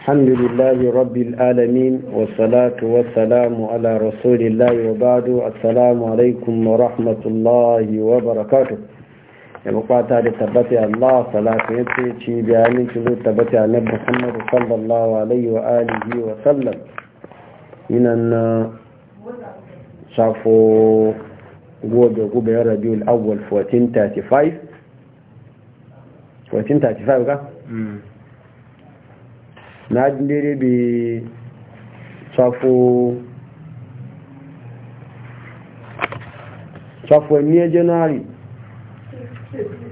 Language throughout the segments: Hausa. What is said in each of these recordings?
الحمد لله رب العالمين والصلاة والسلام على رسول الله وبعد السلام عليكم ورحمة الله وبركاته يبقى تبتي الله صلاة يتشي بأمين تزور تبتي عن نبي محمد صلى الله عليه وآله وسلم من أن شافوا قوة قوة ربيع الأول 1435 1435 كا؟ na dere bi safo ne january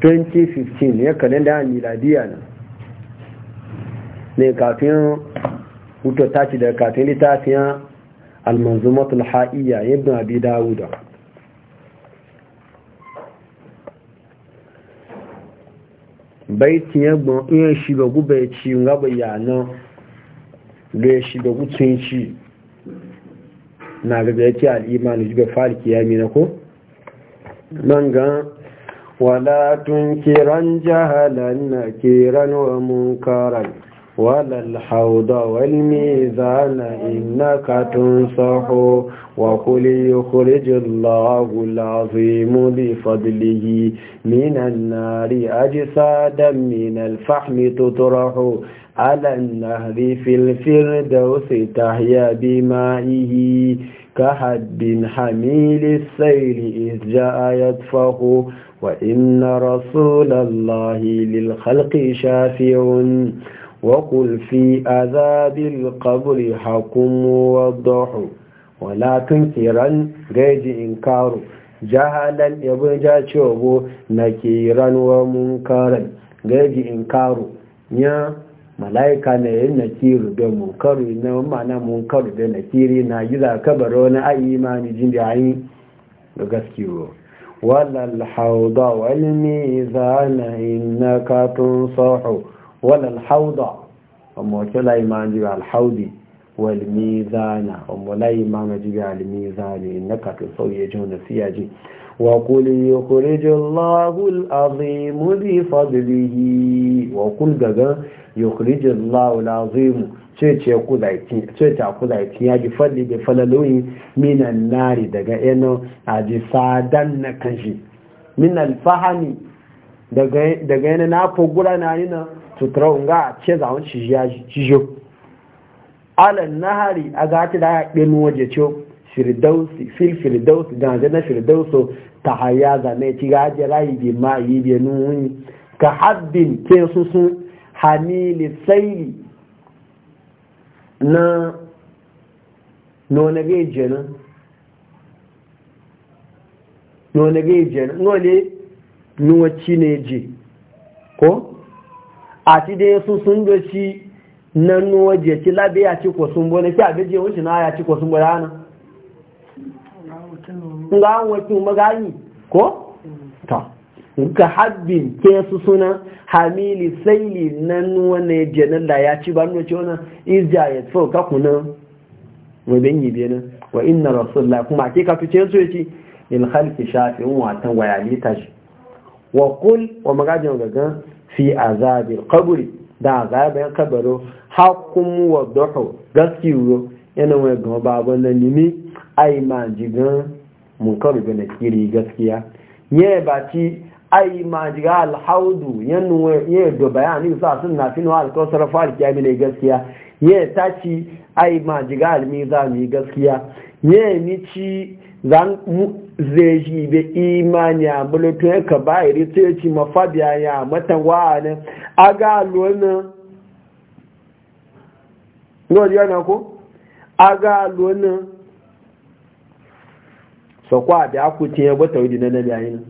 2015 ya kalenda da miladiya na ne kafin wuto tashi daga kafin littafiyan almanzumatul ha'iyya yadda abi dawuda baitin yagbon iya shi ga gube ci gaba yana. ga ya shiga na gaba ya ce al'imanu ji ga falki ya mina ko? Wala walatun kiran jahalan na kiran wa munkaran walal hauda wal mizana innaka tunsahu wa kuli yukhrijallahu lagu azim li fadlihi minan nari ajsadan min al-fahmi alannahri filfir da wasu ta ya bi ma'ihi ka haddin hamili tsaili ija ayat faho wa ina rasulallahi lilhalki shafiyun wa kulfi azabil kaburi hakumu wa dohu wala tun kiran gaji in karu jahalar yabon jaciyar na kiran wa munkarar gaji in karu ya malaika na yin nakiru da munkaru na mana munkaru da nakiri na gida kabaro na ayi imani jin da ayi ga gaskiyo walal hauda wal mizana innaka tunsahu walal hauda amma kala imani al haudi wal mizana amma la imani ji al mizani innaka tunsahu ya ji nasiya ji وقل يخرج الله العظيم بفضله وقل جاء yukhrijul lahu al ce ce ku zaiti ce ta ku zaiti ya ji fadli bi falaloi minan nari daga eno aji sadan na kanshi min al-fahami daga daga yana na fogura na ni na tutra unga ce za ci ya ji jo ala nahari aga ta da ya ɗin waje ce firdausi fil firdausi da na firdausu ta haya zane ci gaje rayi bi ma yi bi nun ka haddin ke susun hamili saili na nonage jenan nonage jenan nole nuwaci ne je ko a ti dai su sun gaci na nuwaje ci labe ya ci kwasun bane fi abeje wuce na ya ci kwasun bane ana nga an wakil magani ko ka habbin ke su suna hamili saili nan wani janalla ya ci ba nuna cewa izja ya tso ka kuna wabin yi biyu wa inna rasulullah kuma ke ka fice su in halki shafi in watan waya ta shi wa kul wa magajin gaga fi azabil kaburi, da yan kabaro hakun wa duhu gaskiyo yana wani gaba babban nan nimi ai ma jigan mun gaskiya ye ba ci ayi ma jiga alhaudu do da bayani sa sun na fino alkawar fari ya mile gaskiya ya taci ayi ma za almizami gaskiya ya chi zan zai shi be imani a bulutun ya ka bayari ta ya ci mafabiya ya matan ne a ga lona lori yana ko a ga lona sakwa da aku ya wata wadi na nabi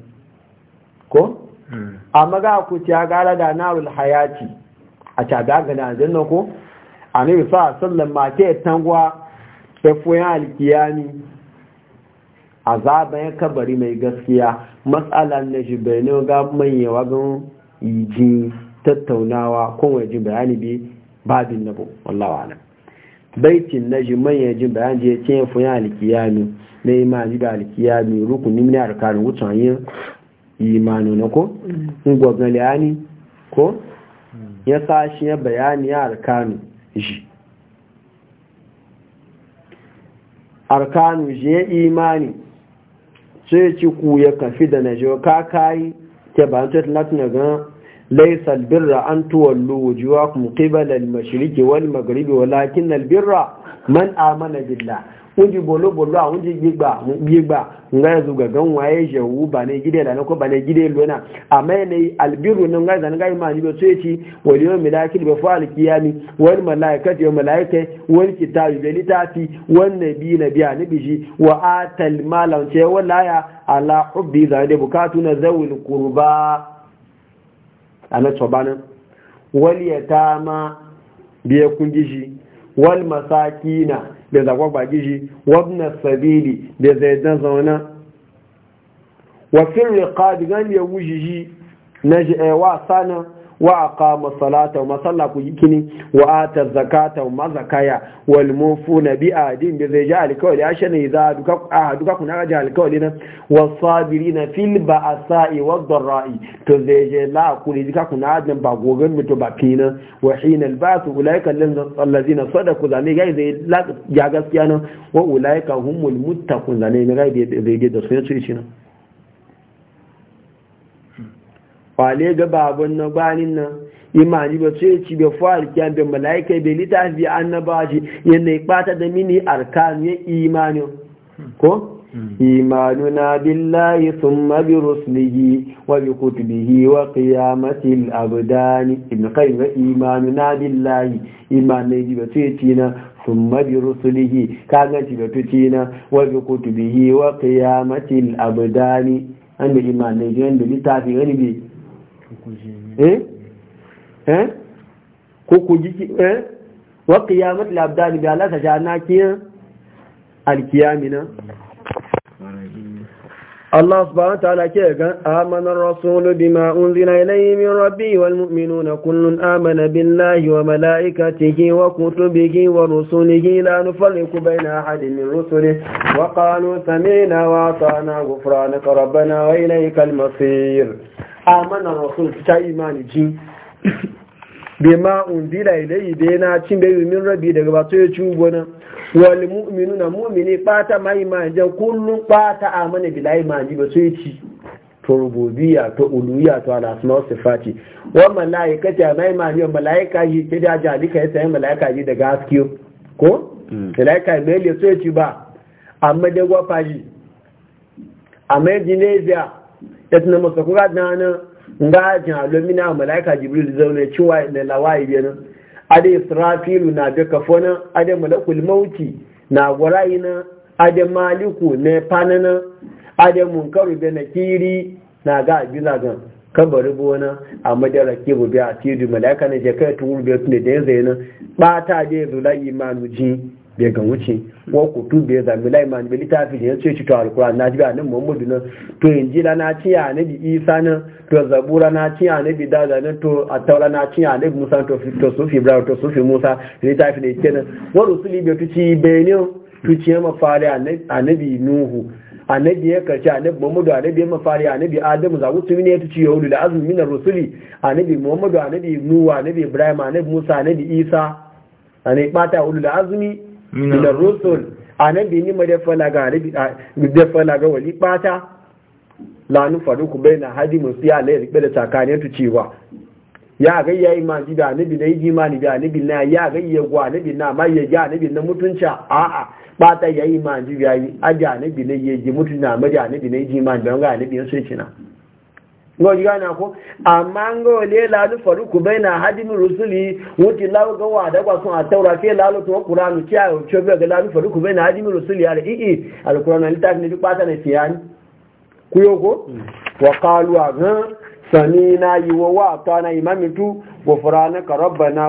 ko hmm. amma ga ku ta gara da narul hayati a ta daga da janna ko ne sa sallan ma ta tangwa ta fuyan alkiyami a ya kabari mai gaskiya matsalan na shi bai ne ga manyewa gan yijin tattaunawa ko wajen bayani bi babin nabo wallawa nan baitin na shi manyan jin bayan je ce fuyan alkiyami na imani da alkiyami rukunin ne a rukarin wutan yin imanu na ko mm. gwagwaliyani ko mm. ya sashi ya bayani ya arkanu shi arkanu shi ya imani sai ci ku ya kafi da na shi ka kayi ke ba ta latin ga ليس البر أن تولوا وجوهكم قبل المشرق والمغرب ولكن البر من آمن بالله wunji bolo bolo a wunji gbigba gbigba nga yanzu ga waye jewu ba ne gide da ko ba ne gide lona amma ne albiru nan ga zan ga imani ba sai ci wal yawm milakil ba fa alqiyami wal malaikatu yawm malaika wal kitabi bi litafi wan nabi nabi anbiji wa atal malan ce wallaya ala hubbi da bukatu na zawil qurba a na tsobanin wal yatama biya kun gishi wal masakina da zagwagwa gishi wabna sabili da zaidan zauna wa fil riqab ya wujiji na eh, wa sana wa aqama salata wa salla ku yikini wa ata zakata wa zakaya wal mufuna bi adin bi zai ka a ashan idza duka duka kuna ga alkawli na was sabirina fil ba'sa'i wad dharra'i to zai la ku duka kuna adin ba gogon mito ba fina wa hina al ba'th ulaika allazina sadaku zane ga zai la ya gaskiya na wa ulaika humul muttaqun zane ga zai da sun ci ci na wale ga babun na gbanin nan imani ba sai ci bai fa'al kiyan bai malaika bai litafi annabaji yana kpata da mini arkanu ya imani ko hmm. imanuna billahi sun mabi rusulihi wa bi kutubihi wa qiyamati al-abdani ibn qayyim imanuna billahi imani ba sai ci na sun mabi rusulihi kaga ci ba tuci na wa bi kutubihi wa qiyamati al-abdani an da imani da littafi wani bi eh eh ko ko jiki eh wa qiyamat la abdan bi ala sajana ki al qiyamina Allah subhanahu wa ta'ala ke ga amana rasul bima unzila ilayhi min rabbi wal mu'minuna kullun amana billahi wa malaikatihi wa kutubihi wa rusulihi la nufarriqu baina ahadin min rusuli wa qalu sami'na wa ata'na ghufranaka rabbana wa ilayka al-masir amana rasul ta imani jin bima undila ilayhi bayna cin bayu min rabbi daga ba to ya ci gona wal mu'minuna mu'mini bata mai manje kullun bata amana bilahi manji ba so ci to rububiyya to uluhiyya to ala asma wa sifati wa malaikata mai manje malaika yi ke da dika yasa sai malaika yi daga askiyo ko hmm. malaika mai le so ci ba amma da gwafaji amma jinezia ya tuna masa kuka dana nga jin alomina malaika jibril zaune cewa na lawayi biyan ade israfilu na da kafona ade malakul mauti na gwarayi na ade maliku na panana ade munkaru da kiri na ga abila gan kabarin bona a madara ke a tiri malaika na je kai biya tun da yanzu yana ba ta da yanzu imanu ji bai ga wuce wa kutu bai zami laiman bai littafi da ya ce ci to alkuran na ji nan muhammadu nan to injila na ci a isa nan to zabura na ci a nabi daza nan to attaura na ci a musa to sufi ibrahim to sufi musa littafi da yake nan wa rusuli bai tuci benin tuci ya ma a nabi nuhu annabi ya karshe annabi muhammadu annabi ya mafari annabi adamu za wuce ne ya tuci yahudu da azumi na rusuli annabi muhammadu annabi nuhu annabi ibrahim annabi musa annabi isa annabi bata yahudu azumi minar rusul a nan bi yi ma da fala ga wali bata faru ku bai na hadi musu ya lai rikpe da tsakanin tu cewa ya ga ya yi manji da anabi na yi imani da anabi na ya ga ya gwa anabi na ma ya ga anabi na mutunca a'a bata ya yi manji da yi aji anabi na ya ji mutunci na ma da anabi na yi imani da wanga anabi ya sai kina ngoji gane ko amma baina da a taura ń la lu to qur'anu kiya yo chobe ga la lu faruku baina hadimi rusuli ala i i alquran al tak ne bi pata ne tiyani ku yoko hmm. wa qalu ga samina yi bẹ́ẹ̀ náà ta na imamitu ghufranaka rabbana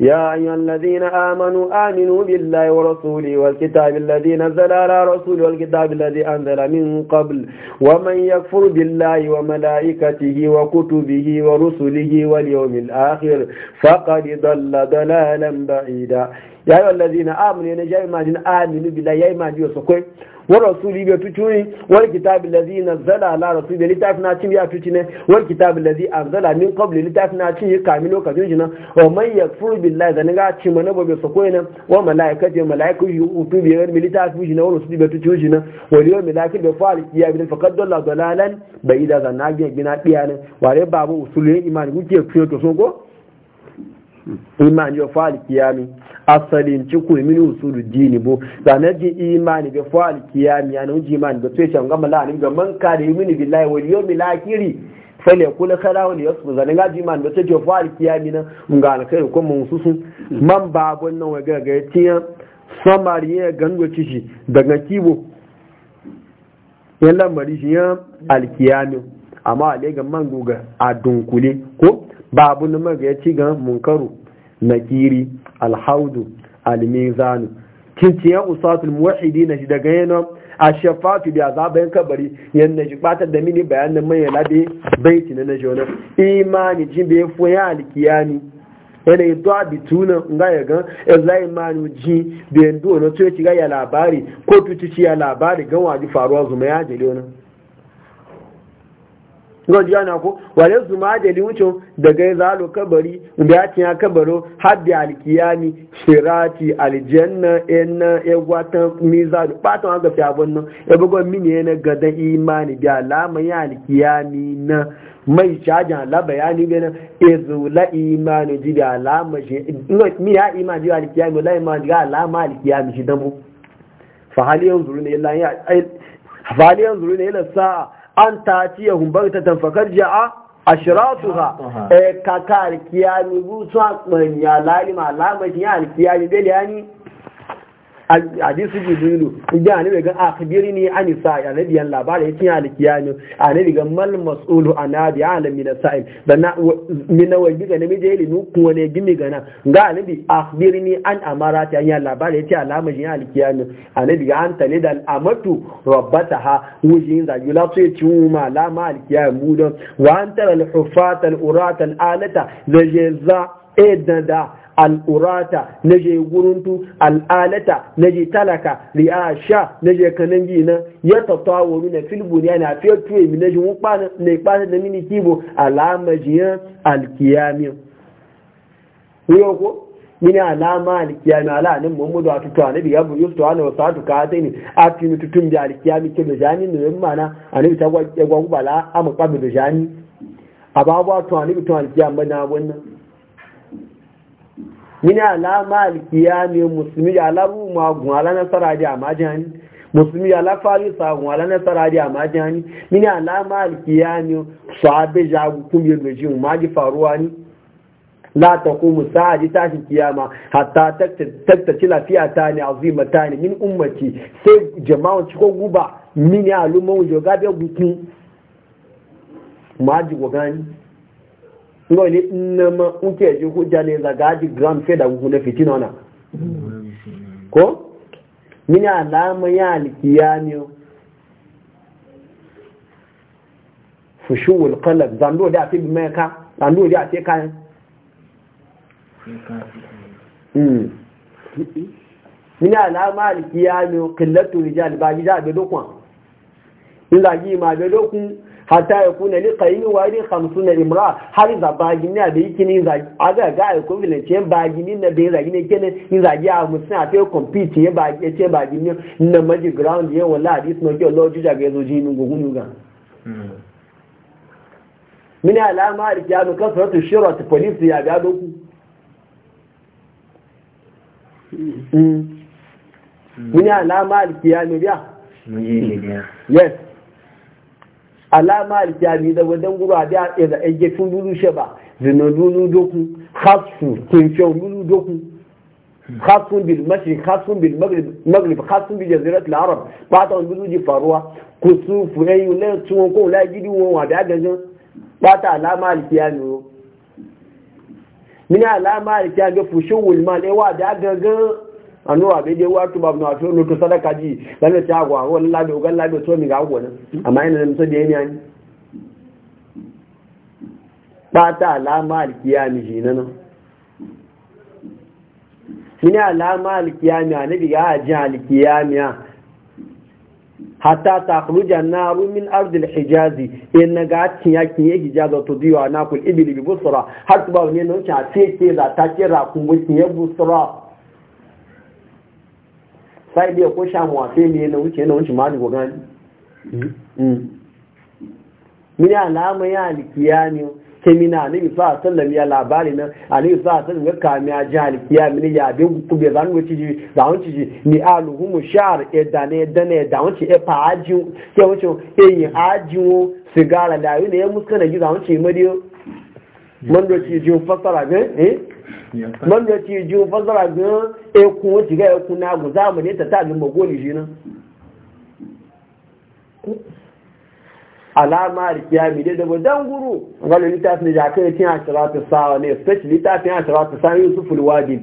يا أيها الذين آمنوا آمنوا بالله ورسوله والكتاب الذي نزل على رسوله والكتاب الذي أنزل من قبل ومن يكفر بالله وملائكته وكتبه ورسله واليوم الآخر فقد ضل ضلالا بعيدا ya yi wallazi na amini ma jami majin aminu bila ya yi maji wasu kwai wani rasuli bai tuci wani kitabin lazi na zala ala rasuli bai littafi na cin ya tuci ne wani kitabi lazi an zala min kabli littafi na cin ya kami lokacin shi nan wa man ya furu billahi zanen ga ci mana bai su kwai nan wa mala'ikati mala'iku shi hutu bai wani littafi shi na wani rasuli bai tuci shi nan wani yau mala'ikati bai fara kiya bi fakar dalla dalalan bai da zanna biya gina biya nan ware babu usulun imani kuke fiye to sun ko imani ya fara kiyami asalin ciku min usulu din bo sanar ji imani ga fa alkiyami ya nan ji imani ga tsaye ga malani ga man ka da yumini billahi wal yawmil akhir fale kula kala wani yasbu zan ga ji imani ga tsaye fa alkiyami na, ga alkai ko mun susu man gon nan wa ga ga tiya samari ya gango ci daga kibo ya lamari shi ya alkiyami amma alai ga man goga a dunkule ko babu na maga ya ci ga munkaru nakiri alhaudu almizanu kinciyan usatul muwahidi na shi daga yana a shafafi da azabayin kabari yadda ji batar da mini bayanin mai labe baiti na najona imani jin bai fuya alkiyami yana yi to abituna ga ya ga ezai manu ji da yando na to ga ya labari ko tuci ya labari gan waji faruwa zuma ya jele wannan ngo ji na ko wale su ma da liwucin daga ya zalo kabari da ya tiya kabaro har da alkiyami shirati aljanna en ya e gwatan miza patan ga fi abun nan ya e bugo mini ne gadan imani da alama ya alkiyami na mai caji la bayani izu e la imani ji da alama shi mi ya imani ji alkiyami la imani ga alama alkiyami shi dan bu fa hal yanzuru ne illa ya fa hal yanzuru ne sa'a an ta ci ya humbar ta tamfakar ja'a a shiratu ha eh, kakar kiyami su a ɓanya lalima alamati ya alkiyami beliyani hadisi jibrilu idan annabi ga akhbirni an sa'i annabi yan labari yake alkiyami annabi ga mal mas'ulu anabi alam min sa'il dana min wajibi ga nabi je nu ku ne gimi gana ga annabi akhbirni an amarati an yan labari yake alama jin alkiyami annabi ga anta lidal Rabataha, amatu rabbataha wujin za yula so yace ma lama alkiyami mu don wa antara al hufata urata al alata da jeza edada al'urata na je guruntu al'alata na je talaka riyasha na je kanangi na ya tattawa wuri na filibu ne na fiye tuwe mi na ji na ikpata da mini kibo alamajiyan alkiyami wuyo ko mini alama alkiyami ala nan muhammadu a tutuwa na biya buyu su wani wasu hatu ka ne a tuni tutun da alkiyami ke da jani na yin mana a nabi ta da jani a tuwa nabi tuwa alkiyami na wannan mini alama alkiya ne musulmi alabu magun ala nasara da amajani musulmi alafari sagun ala nasara da amajani mini alama alkiya ne abe jagu kuma yadda ji umaji faruwa ne ko musa a ji tashi kiyama hatta tattaci lafiya ta ne zuwa ta ne min ummaci sai jama'an ciko guba mini alumman yoga da gukun maji gani. ngoli nama uke ji hujja ne zaga ji gram fe da hu na fitina ona ko mini alama ya alkiyami fushuwul qalb zando da fi mai ka zando da ce kan mm mini alama alkiyami qillatu rijal ba ji da be dokun in da ji ma be dokun hatta ya kuna li qayin wari na imra har za bagini da yake ne za aga ga equivalent yan bagini na bai zagi ne kene in zagi a mutum a fe compete ya bagi e ce bagini na maji ground ya wala hadis no ke loji daga yazo jinin hunu ga hmm. mini alama arkiyanu shirwa ta polisi ya ga doku hmm. Hmm. mini alama arkiyanu biya yes alama aljami da wadan gura da ya da ege tun lulu she ba zina lulu doku khasu kun fiyon lulu doku khasun bil mashi khasun bil maghrib khasun bil jazirat al arab ba ta lulu ji faruwa kusufu ayu la tun ko la gidi won wa da ganjan ba ta alama aljami min alama aljami ga fushul mal e wa da gangan anu abe je wa tu babna to no to sadaka ji lalle ta gwa o ka ugan labe to mi ga gwa nan amma ina nan sai ne yani bata alama alkiyami shi nan shi ne alama alkiyami a nabi ga ajin a. Hata ta kuruja na rumin ardil hijazi in na ga cin yakin ya hijaza to biyu a ibi ibili bi busura har su ba wani nan ce a ce ke za ta kira kun gukin ya busura sai biya ko sha muwafe ne na wuce na wuce malu ko gani hmm. hmm. mini alama ya alikiya ne ke mina na bi fa sallam ya labari na ali fa sallam ga kami a ji alikiya mini ya bi ku be zan wuce ji da wuce ji ni aluhu shar e da ne da ne da wuce e fa aji ke wuce e yi aji wo sigara da e yi ne ya muskana ji da wuce madiyo mando hmm. do ci ji fasara ne eh gwamnati ji fasara gan ekun ti ga ekun na gu za mu ne ta ta ga magoli shi nan alama da kiyami dai da don guru wani littafin da aka yi tiyan ashiratu sawa ne especially littafin ashiratu su fulwa alwajib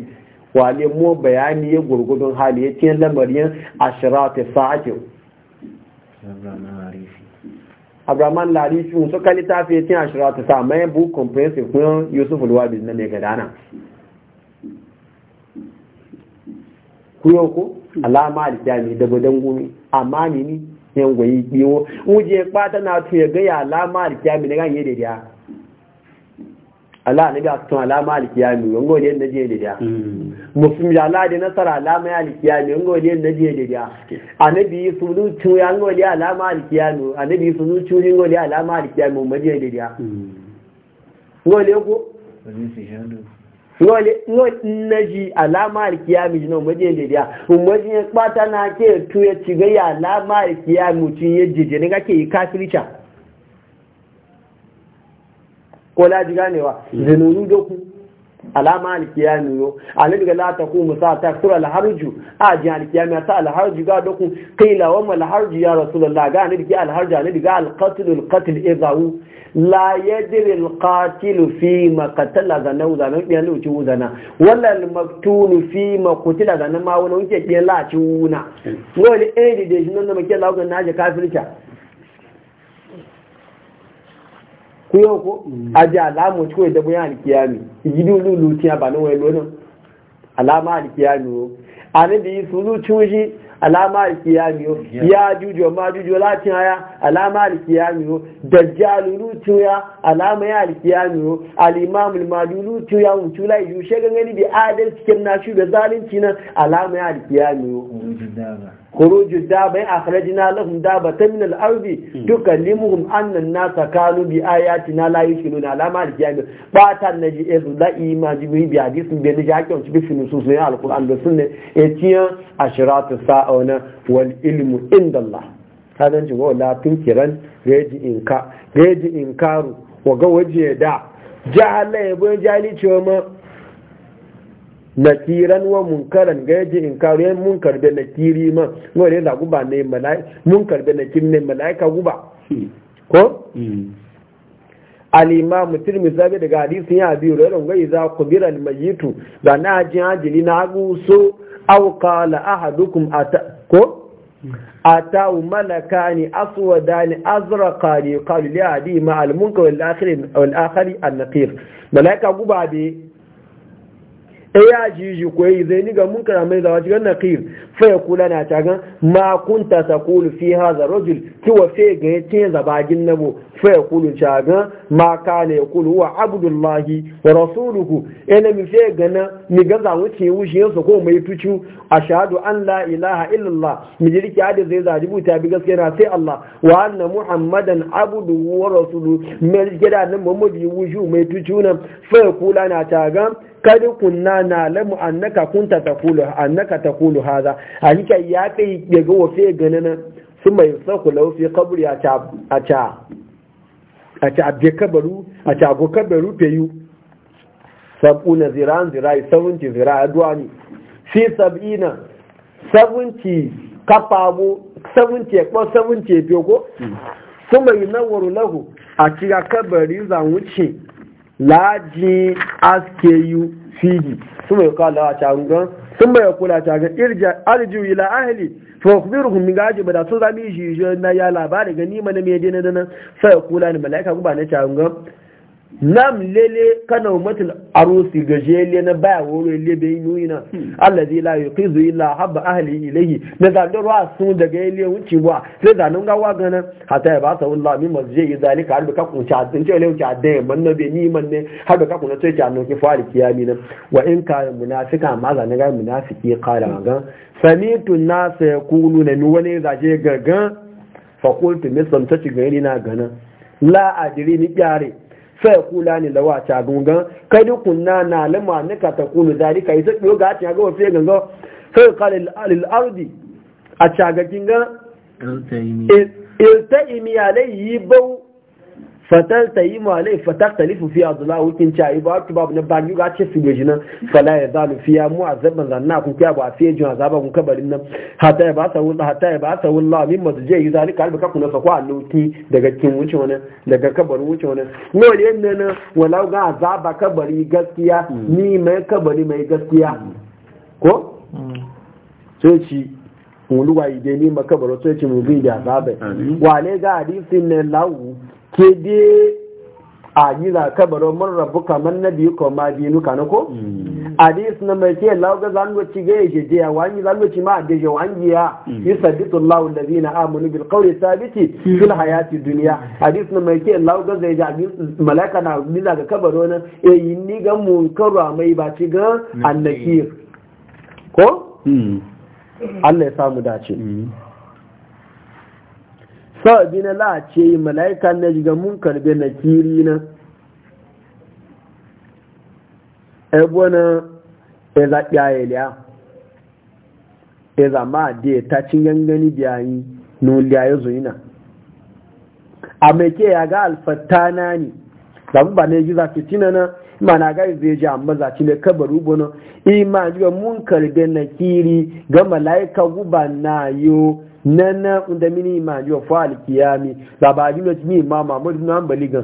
wale mu bayani ya gurgudun hali ya tiyan lamarin a ashiratu sa'a ce abraman lari fi su kan littafi ya cin ashira ta sa mai bu comprehensive kun yusuf alwabi na mai gadana kuyo ko alama alikiyami da gudan gumi amma ne ni yan gwayi biyo wuje kwata na tuye ga ya alama alikiyami na ga yi ya Allah ne ga tun alama alkiyami yango ne na je da da hmm. musum ya Allah da nasara alama ya alkiyami yango ne na je da da annabi sunu tu yango ne alama alkiyami annabi sunu tu yango ne alama alkiyami mu je da da ngole ko na ji alama alkiyami jino mu je da da mu je kwata na ke tu ya cigaya alama alkiyami tun yaje ne kake kafirca ko laji ganewa zinunu doku alama alkiyami yo alin la ta ku musa ta sura alharju a ji alkiyami ta alharju ga doku qila wa mal harju ya rasulullah ga ne ga alharju ne ga alqatl alqatl idahu la yadri alqatil fi ma qatala ga nau da nan biyan luci wuzana wala almaktul fi ma qutila ga nan ma wala wuce biyan la ci wuna wala edi de shi nan da make lawo ga naje kafirta ko yau ko a ji alamu ci kawai dabu yan alkiyami gidi lulu ti ba nan wai lonin alama alkiyami o ani bi sulu chuji alama alkiyami o ya juju ma juju lati aya alama alkiyami o dajjal lutu ya alama ya alkiyami o al-imam al-madulu tu ya mutu la ju shegan ni bi adalci kin na shi da zalunci na alama ya alkiyami o kurujin da bai a kharaji na lafin da ba ta minal arzi duka limuhun an nan nasa kanu bi na layi shi nuna alama da jami ba na ji ezu la'i ma ji yi biya ji sun beli shi hakiyar cibi sun sun yi alkur'an da sun ne ya ciye a shiratu sa'auna wal ilimu inda Allah kanan ji wa tun kiran gaji in karu wa ga waje da jihar layi bayan jihar cewa ma nakiran wa munkaran ga yaje in karu yan munkar da nakiri ma no ne da guba ne malai munkar da nakiri ne malaika guba ko al-imam tirmidhi zabi daga hadisin ya biyu ran ga iza kubira al-mayitu da na ji ajili na guso aw qala ahadukum ata ko ata malakani aswadani azraqani qali li adi ma al-munkar wal akhir wal akhir an naqir malaika guba be E ya ji ji koyi zai ni ga mun kana mai zawa fa kula na ta gan ma kunta ta kulu fi haza rajul ki wa fe ga ya ce zabagin nabo fa ya kulu ta ma ka ne kulu wa abdullahi wa rasuluhu ina mi fe ga na mi ga za mu ce wushi yansu ko mai tucu ashadu an la ilaha illallah mi ji riki hada zai zaji buta bi gaskiya na sai Allah wa anna muhammadan abdu wa rasuluhu mi ji da nan muhammadi wushi mai tucu nan fa kula na ta kadi kunna na lamu annaka kunta taqulu annaka taqulu hadha hakika ya kai ya ga wafe ganana su mai sauku laufi kaburi a ta abu kabaru a ta abu kabaru zira sab'una ziran zirai 70 zirai duwa ne fi sab'ina 70 kafabo 70 ekpo 70 ko? su mai nawaru lahu a cika kabarin zanwuci laji aske yu fihi sun mai kala a carugan sun mai kula carugan irja arju ila ahli fa akhbiruhum min gaji bada su zami shi na ya labari ga ni mana me je na sai kula ni malaika ku ba na carugan nam lele kana umatul arusi gajele na baya woro ile bai nuyina hmm. allazi la yuqizu illa habba ahli ilayhi na da sun daga ile wuce wa sai da nan gawa gana hata ya ba ta wallahi min masje zalika har ka kun ta tin ce lewu ta man na be ni man ne har ka kun ta ta nan ki fari kiyami nan wa in ka munafika ma za hmm. na ga munafiki qala ga samitu nas yaquluna ni wani zaje gagan fa qultu mislan ta ci gani na gana la ajri ni kyare kúlá ní lọ́wọ́ àti gungan kai dukunna na lama na ka takunu zalika yi sai yoga ta ga wafe fẹ́ sai kala al ardi a chagagin ga iltaimi alayhi bau fatal ta yi malai fatar ta fiye fiya zula hukin ci a yi ba babu na ba ga ce su gajina fala ya zalu fiya mu a zaban zanna kun kiya ba a fiye jin azaba kun kabarin nan hata ya ba sa wulla hata ya ba sa wulla min mazu je yi zalika alba ka kuna sakwa alloki daga kin wuce wani daga kabarin wuce wani no ne ne na walau ga zaba kabari gaskiya ni mai kabari mai gaskiya ko sai ci wuluwa ide ni makabarin sai ci mu bi da azaba wale ga hadisin ne lawu ke de a yi za ka mun rabu kamar na biyu kuma biyu mm. na ko a dai suna mai ke lauga zanwaci ga ya jeje ya wani zanwaci ma a deje wani ya mm. yi sabitu lahu da zina amunu bil kawai sabiti fil hayati duniya a dai suna mai ke lauga zai ja malaka na nila ga kabaro nan e yi ni ga munkaru mai ba ci ga annakir ko mm. Allah ya samu dace. kawai na la'ace yi mala'ika na jiga mun karbe na kiri na ebo na eza kyaeliya eza ma de ta ci gangani biyayi nuliya ya zuyi na a mai ke ya ga na ne zabu ba ne giza fitina na ma na ga zai ji amma za ci ne kabar rubo na ima jiga mun karbe na kiri ga mala'ika guba na yo nana da mini ma jiwa fali kiyami labari ne mi ma Muhammad na Hanbali gan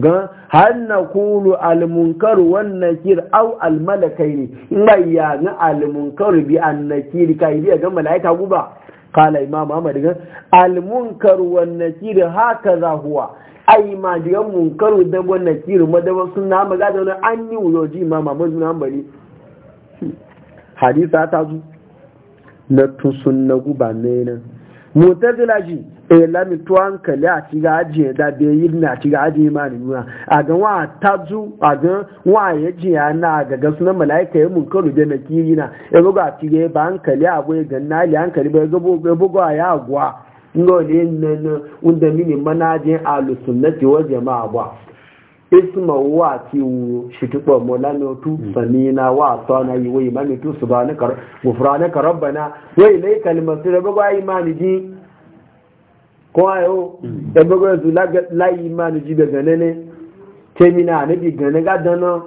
gan har na kulu al munkar wan nakir aw al malakaini bayya na al munkar bi an nakir kai bi ga malaika guba kala imam Muhammad gan al munkar wan nakir za huwa ai ma diga munkar da wan nakir madawa sunna maga da an yi ma ma Muhammad na Hanbali hadisa ta zu na tun sunna guba ne nan mutazila ji e lami to hankali a ci gaji da be yi na ci gaji ma ni nuna a ga wa tazu a ga wa ya ji ya na ga ga sunan malaika ya mun karu na kiri na ya buga a ci ba hankali a bai ga na li hankali ba ya buga ya agwa ngo ne nan unda mini manajin alusunnati wal jamaa isma wa ti wu shitubo molano tu mm. samina wa tana yi wa Mani, tu subhanaka ghufranaka rabbana wa ilayka al-masir ba ga imani ji ko ayo da ba ga zu la imani ji daga nene temina ne bi gane ga dana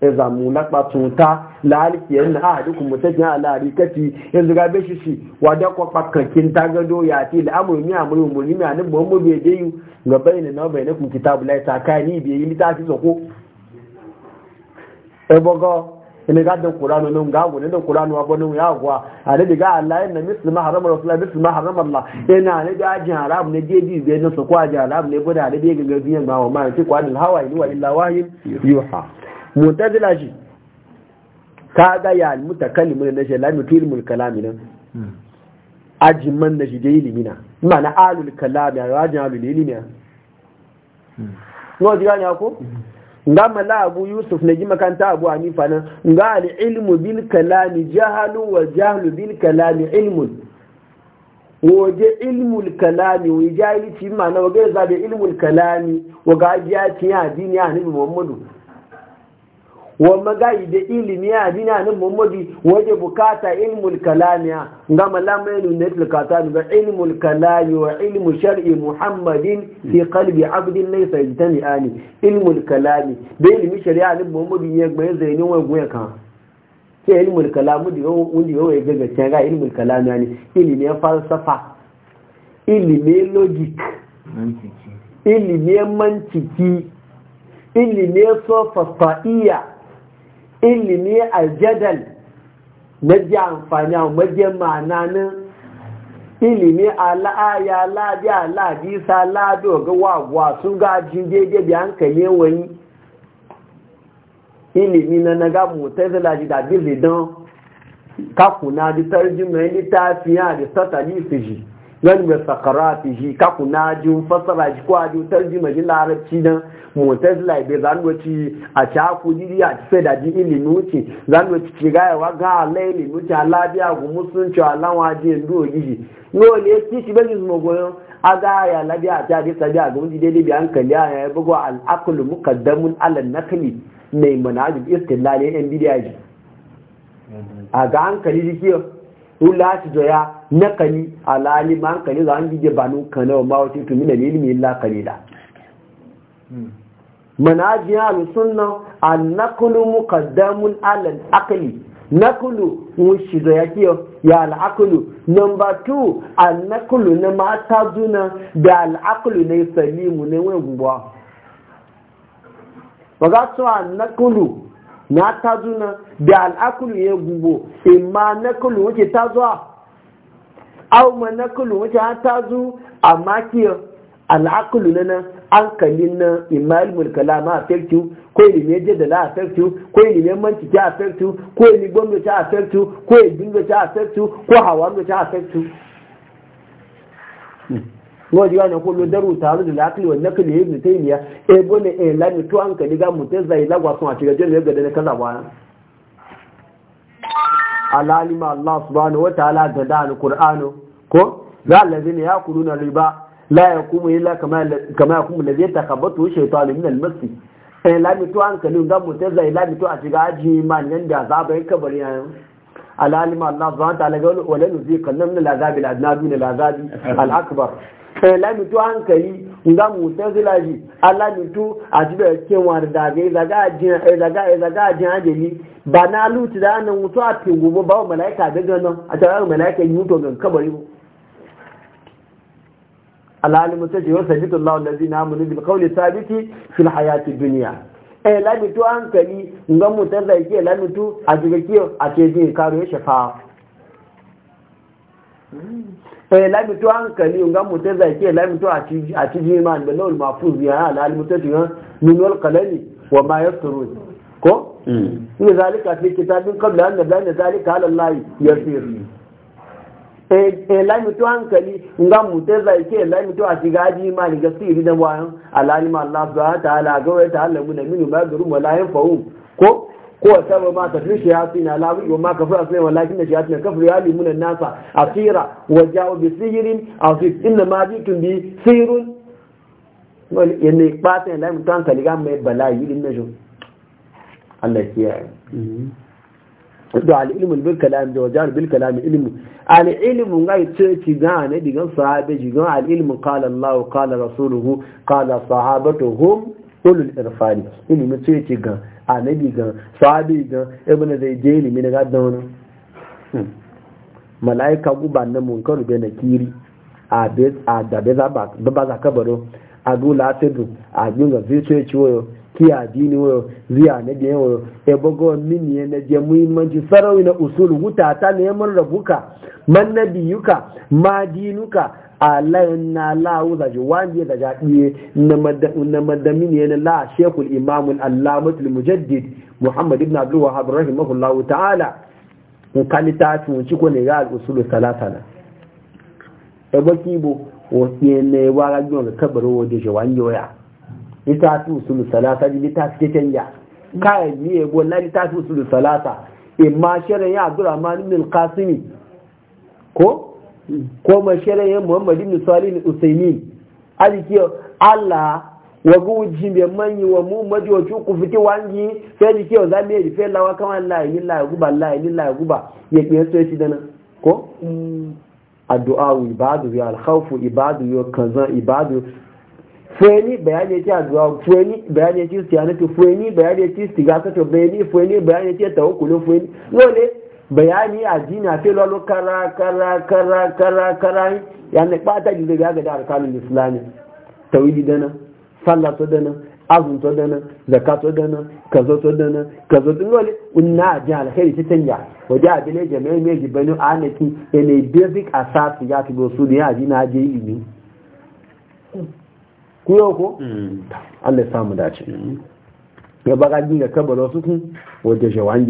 ezamu la patunta laliki yan na ha mutakin ala rikati yanzu ga be shi shi wada kwa pakkakin tagado ya ti al'amuru mi amuru umurni mi anin bo mu be deyu ga bayna na bayna kun kitabu la ta ni ibi yi litafi soko e bogo ina ga dan qur'anu nan ga ne dan qur'anu wa bonu ya gwa ale diga allah inna mislu ma harama rasul mislu ma harama allah ina ne ga ajin haram ne je be na su kwa haram ne ga biyan ma wa ma ti ka ya almuta mutakallimu na shi lami tu ilmul kalami nan hmm. ajiman na shi je ilimi na ma'ana alul kalami a rajin alul ilimi na wani hmm. gani ako hmm. nga mala abu yusuf na ji kanta abu hanifa nan nga al ilmu bil kalami jahalu wa jahalu bil kalami ilmu waje ilmul kalami wa jahilci ma'ana wa ga zabe ilmul kalami wa ga ajiya tiya dini ya nabi muhammadu wa magayi da ilimi a dina nan muhammadu waje bukata ilmul kalamiya ga malamai ne ya tilkata ne ga ilmul kalami wa ilmu shar'i muhammadin fi kalbi abdin ne sai ta ni ani ilmul kalami da ilimi shari'a ne muhammadu ya gbe zai ne wa gwe kan ke ilmul kalamu da wani yawa ya gaga ce ga ilmul kalamiya ne ilimi falsafa ilimi logic ilimi mantiki ilimi sofafaiya ilimi aljadal na ji amfani a wajen ma'ananin ilimi ala'aya labi alabi sa labi ga wagwa sun gajin daidai da hankali wani ilimi na naga motar zalaji da bizidan kakuna da tarjima littafiya da satali su ji nan mai sakarati shi kaku na ji fassara shi ko wutar ji mai larabci na motar laibe zanwaci a ci haku jiri a ci sai da ji ilimin wuce zanwaci ci gayawa ga ala ilimin wuce alabiya ku musulunci alawa ji yanzu o gishi nole ci, ci bai zuma goyo a ga ya labiya a ji sabi a ga ji daidai bi hankali a ya bugu al'akulu mukaddamun ala nakali mai manajin istilali yan bidiyaji a ga hankali jikiyar wula ci zoya na kani alali ma an kani za an gije ba nun kana wa mawaci tumi da ilimi illa kalila a nakulu mu muqaddamun alal aqli nakulu wushi da kiyo ya al'akulu number two nakulu na mata juna da al'akulu na salimu ne wani gubuwa ba za su nakulu. na tazuna da al'akulu ya gubo imma kulu wuce tazuwa au ma kulu wuce ha tazu a makiyar al'akulu na nan an kalin nan imayil mulkala ma a fektu ko ilimin jadala a fektu ko ilimin mancike a fektu ko ilimin gwamnati a fektu ko ilimin gwamnati a fektu ko hawa gwamnati a fektu hmm. wọ́n yóò yàn kó ló dẹ́rù tààrù lè lákìlì wọn nẹ́kìlì yìí lè tẹ́yìn yá ebó ni ẹ̀ lánàá tó àǹkà ní ká mùtẹ́ zayi lágbàsán àti da ní ẹgbẹ̀dẹ́ ní kálá wọn. alalima allah subhanahu wa ta'ala gada alqur'anu ko za lazina yakuluna riba la yakumu illa kama kama yakumu allazi yatakhabatu shaytanu min al-masi ẹ̀ lánàá tó àǹkà ní ká mùtẹ́ zayi lánàá tó àti ga aji man nan da zaba yin kabari yayin alalima allah subhanahu wa ta'ala wala nuziqanna min al-azabi al-adna al'akbar. lamitu hankali nga musa zilaji alamitu a ji da kewa da daga izaga ajiyar ajiyar ba na lutu da nan mutu a fi gobe ba malaika da ga nan a tare mala'ika yi mutu ga kabari mu alalimu ta ji wasa sabitun allah allazi na mu nubi kawai sabiti fil hayati duniya eh lamitu kai nga musa zai ke lamitu a jiga kiyo a ce jin karo ya shafa sai lamitu hankali unga mutai zake lamitu a ci jiman da lawal mafuz ya ala almutatu ya min wal wa ma yasturun ko mm. ne zalika fi kitabin qabla an nabana zalika ala allah yasir eh e lamitu hankali unga mutai zake a ci gaji ma ni gasiri da wayan alalima allah ta'ala ga ko ko sabu ma ya shayatin la wa ma kafara sai walakin shayatin kafir ya limuna nasa asira wa ja'u bi sihrin aw fi inna ma jitum bi sirrun wal yani patin la mutan kaliga mai bala'i din jo Allah ya kiyaye da ilmu bil kalam da wajar bil kalam ilmu ilmu ngai ce ci gane digan sahabe ci al ilmu qala Allah qala rasuluhu qala sahabatuhum ulul irfani ilmu ce ci gane annabi gan sahabi gan ibn zai je ilimi mala'ika guba na munkaru bai na kiri a dabe ba za ka baro a gula asidu a yunga zai so ya ci wayo ki adini wayo zai annabi yan wo e bago min ne na je muhimmanci sarawi na usul wuta ta neman rabuka man nabiyuka ma dinuka alayin na lawu da ji wani da jaɗiye na madamini na la shekul imamun allamatul mujaddid muhammad ibn abdul wahab rahimahullahu ta'ala in ka littafi wuci ko ne ga usulu talatala e ba kibo wasu ne wa rajiyon ga kabarin waje shi wani yoya tu usulu salata ji littafi ke canja kayan miye gwanna tu usulu salata imma shere ya abdul rahman ibn al-qasimi ko ko mai shirayen muhammadu ibn salih usaimin aliki allah wagu jimbe manyi wa mu maji wa cuku fiti wangi sai jiki yau za mu yi fe lawa kaman la ilaha illa guba la ilaha illa guba ya ke so shi dana ko mm. addu'a ibadu ya alkhawfu ibadu ya kaza ibadu fueni bayani ya ce addu'a fueni bayani ya ce istiyanatu fueni bayani ya ce istigasa to bayani fueni bayani ya ce tawakkulu fueni lole bayani a jina sai lalo kara kara kara kara kara ya ne bata ji daga ga da arkanul islami tawhidi dana sallah to dana azun to dana zakat to dana kazo to dana kazo din wani unna ji alheri ta canja waje a bile jami'ai mai jibanu anaki ne basic asasi ya tubo su da ya jina je ilimi ku yau ko mm. Allah ya samu dace mm. ya baka ji ga kabar wasu kun waje shawan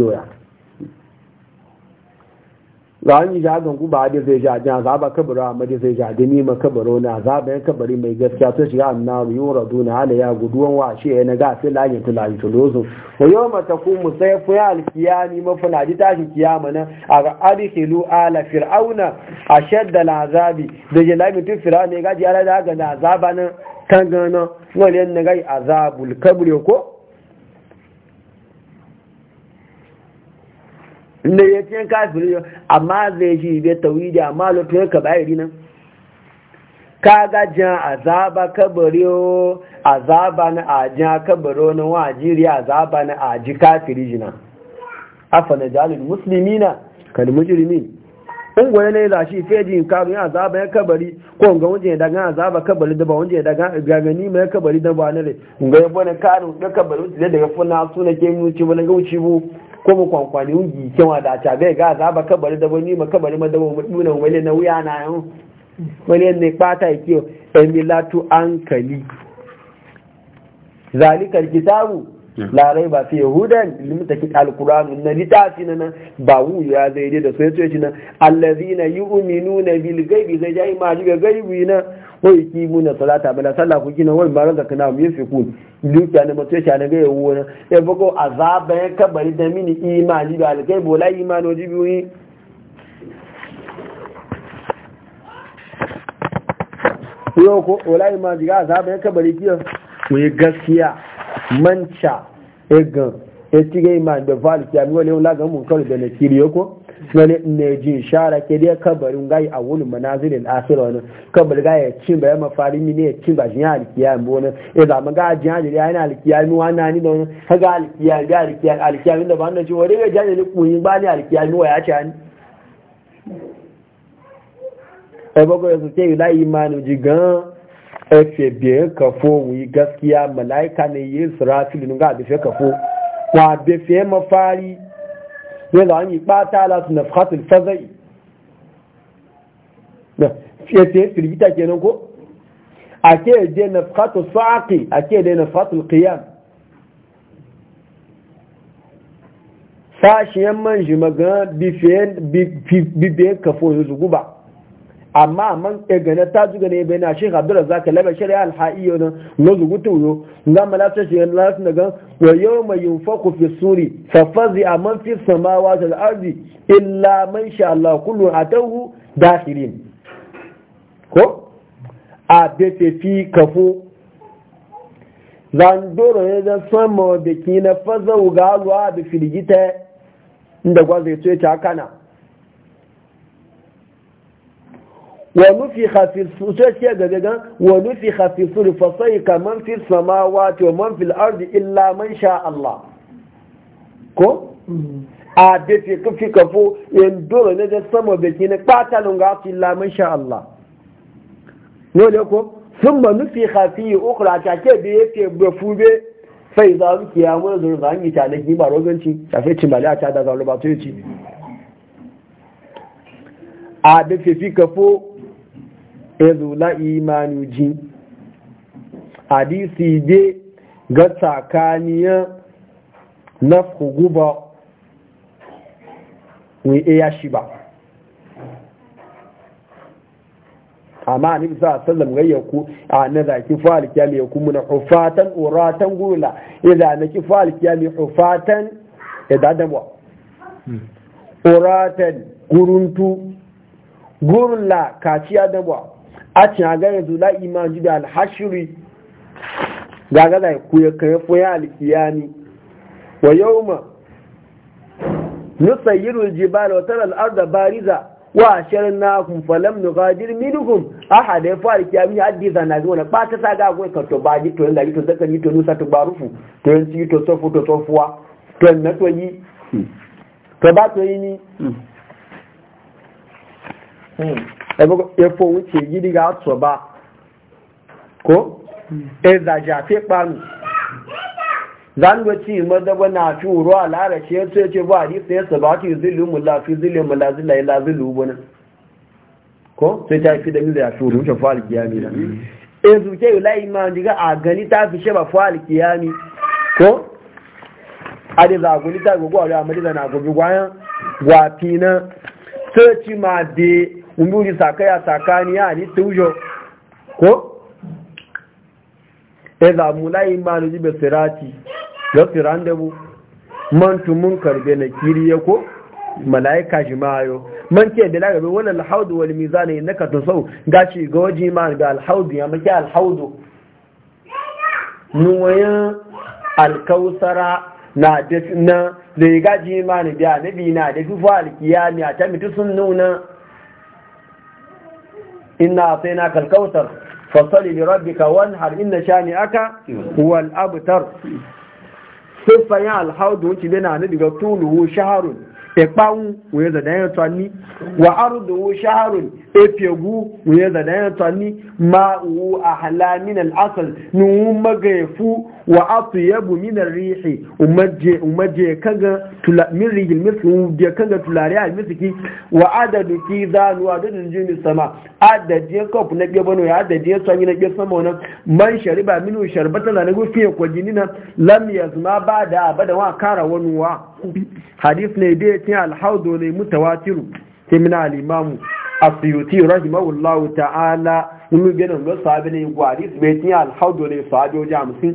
ran yi jagan guba da zai ja jan ba kabaro amma da zai ja da ma kabaro na azaba yan kabari mai gaskiya to shiga annaru yura duna ala ya guduwan ya na ga sai layin tulayi tulozo wa yawma takumu sayfu ya alkiyami mafanaji tashi kiyama nan a adkhilu ala fir'auna ashadda alazabi da lami tu fir'auna ga ji ala da ga azaba nan kan gano wani yan ga azabul kabri ko inda ya ce kafiri yau amma zai shi bai tawidi amma lokacin ka bayari nan kaga jan azaba kabari azaba na ajiya kabari na wajiri azaba na aji ji jina afa na jalil musulmi na kan mujirmi ungwaye na yi zashi fejin karu ya azaba ya kabari ko ga wunje da gan azaba kabari da ba da gagani mai kabari da ba ga yabo na karu da kabari da daga funa su na ke ko mu kwankwani wuji kewa da ta bai ga za ba kabari da bani ma kabari ma da mu duna wale na wuya na yau Wale ne kwata yake emilatu ankali zalikal kitabu larai ba fi yahuda limta ki alkur'an na litafi na ba wu ya zai da sai ce shi na allazina yu'minuna bil ghaibi zai jai ma ji ghaibi na mu na salata bala salla ku kina wal baraka kana mu yafikun dukiya ne mutai shi na ga yawo na e bako azaba ya kabari da mini imani da alghaibi wala imani wajibi yau ko wala imani ga azaba ya kabari kiyo mu yi gaskiya mancha egan etiga iman da fali ya mi wale wala ga mun kawai da kiri yoko wale ne ji shara ke dai kabarin gai a wani manazirin asira wani kabar gai ya cin bayan mafari mini ya cin bashin ya alkiyami wani ya zama ga ajiyar da ya yana alkiyami wani ni da wani kaga alkiyami ga alkiyami alkiyami da ba na ci wani ga jani ne kunyi ba ni alkiyami wa e ya ci ani. ẹ bọ́kọ̀ yẹn su pé ìlà ìmánu ji gan efe biye kafo wuyi gaskiya mala'ika ne yi sirafi linu ga abefe kafo wa abefe mafari ne da wani yi bata ala su nafhatul fazai na fiye firgita kenan ko a ke je nafhatul sa'aqi a ke je nafhatul qiyam sashiyan man shi magan bibiyan kafo yanzu guba amma man egana ta zuga ne bai na shi abdul razak laba shari'a al-ha'iyyo nan no zugutu yo nga mala ta shi na sun daga wa yawma yunfaqu fi suri fa fazi man fi samawati al-ardi illa man sha Allah kullu atahu dakhirin ko a fi kafu zandoro ne da sama da kina faza ga ruwa da firgita inda gwaza ya ce ta kana ونفخ في الصور ونفخ في الصور فصيق من في السماوات ومن في الأرض إلا من شاء الله كو أبي كفي كفو يندور نجا سمو بكين قاتلون غاف إلا من شاء الله نوليكم ثم نفخ فيه أخرى تاكي بيكي بفوبي فإذا ركيا ونزور غاني تانيك نبا روغنشي شافي تمالي أتا دا زالو باتويتي أبي في كفو ezula ji hadisi je ga tsakaniyar na guba wai iya shi ba amma ni bisa sallam ga yaku a na zaki fal kiyami yaku mun hufatan uratan gula idan na ki fal kiyami hufatan idan da ba hmm. uratan guruntu gurla kaciya da ba a cin agayin la'i ma ji da alhashiri gaga da ku ya kai foya alkiyani wa yawma nusayyiru aljibala wa tara al-ardha bariza wa shirin na asharnakum falam nughadir a hada ya fi alkiyami ya hadiza zana zuwa na ba ta sa ga ka karto ba ji to yanga to zaka ni to nusa to rufu to yanci to tsofu to tsofuwa to na to yi to ba to yi ni efo wuce gidi ga atso ba ko e da jafe kpanu zan ga ci madaba na fi wuro a larashi ya ce ce ba hadisi ya saba ki zilu mula fi zilu mula zila ila zilu bana ko sai mm. ta fi da mi da ya fi wuro ta fa alkiyami na e zuke yi layi ma diga a gani ta fi shaba fa alkiyami ko a da zaguli ta gugu a da amadi da na gobe gwayan gwafi na sai ci ma de umburi sakaya sakaniya ali tujo ko eza mulai malu jibe sirati da bu man mun karbe na kiriye ko malaika shi mayo man ke da lagabe wannan alhaudu wal mizan innaka tusau gashi ga waji ma ga alhaudu ya maki alhaudu Mu waya alkausara na na da gaji ma ni biya nabi na da fufu alkiyami a ta mitu sun nuna inna atayna kal kautsar fasali li rabbika wanhar inna shani'aka wal abtar sifa ya al haudu wuce bena ne daga tuluhu shaharun ekpawu wuye da dan tani wa arduhu shaharun efegu wuye da dan tani ma'u ahla min al asl nu magayfu wa atyabu ya bu minar rihi umarje kaga min tulare a miski wa adadu ki zanu wa jini sama adadi kop na gbe bano ya adadi ya ni na gbe sama wani man shariba minu sharbatan na nagu fiye ko na. lam ba da abada wa kara wani wa hadith ne dai tin al-haudu ne mutawatiru kimina al-imamu asiyuti rahimahullahu ta'ala mun gina ga sahabi gwari su bai tinya alhaudu ne wajen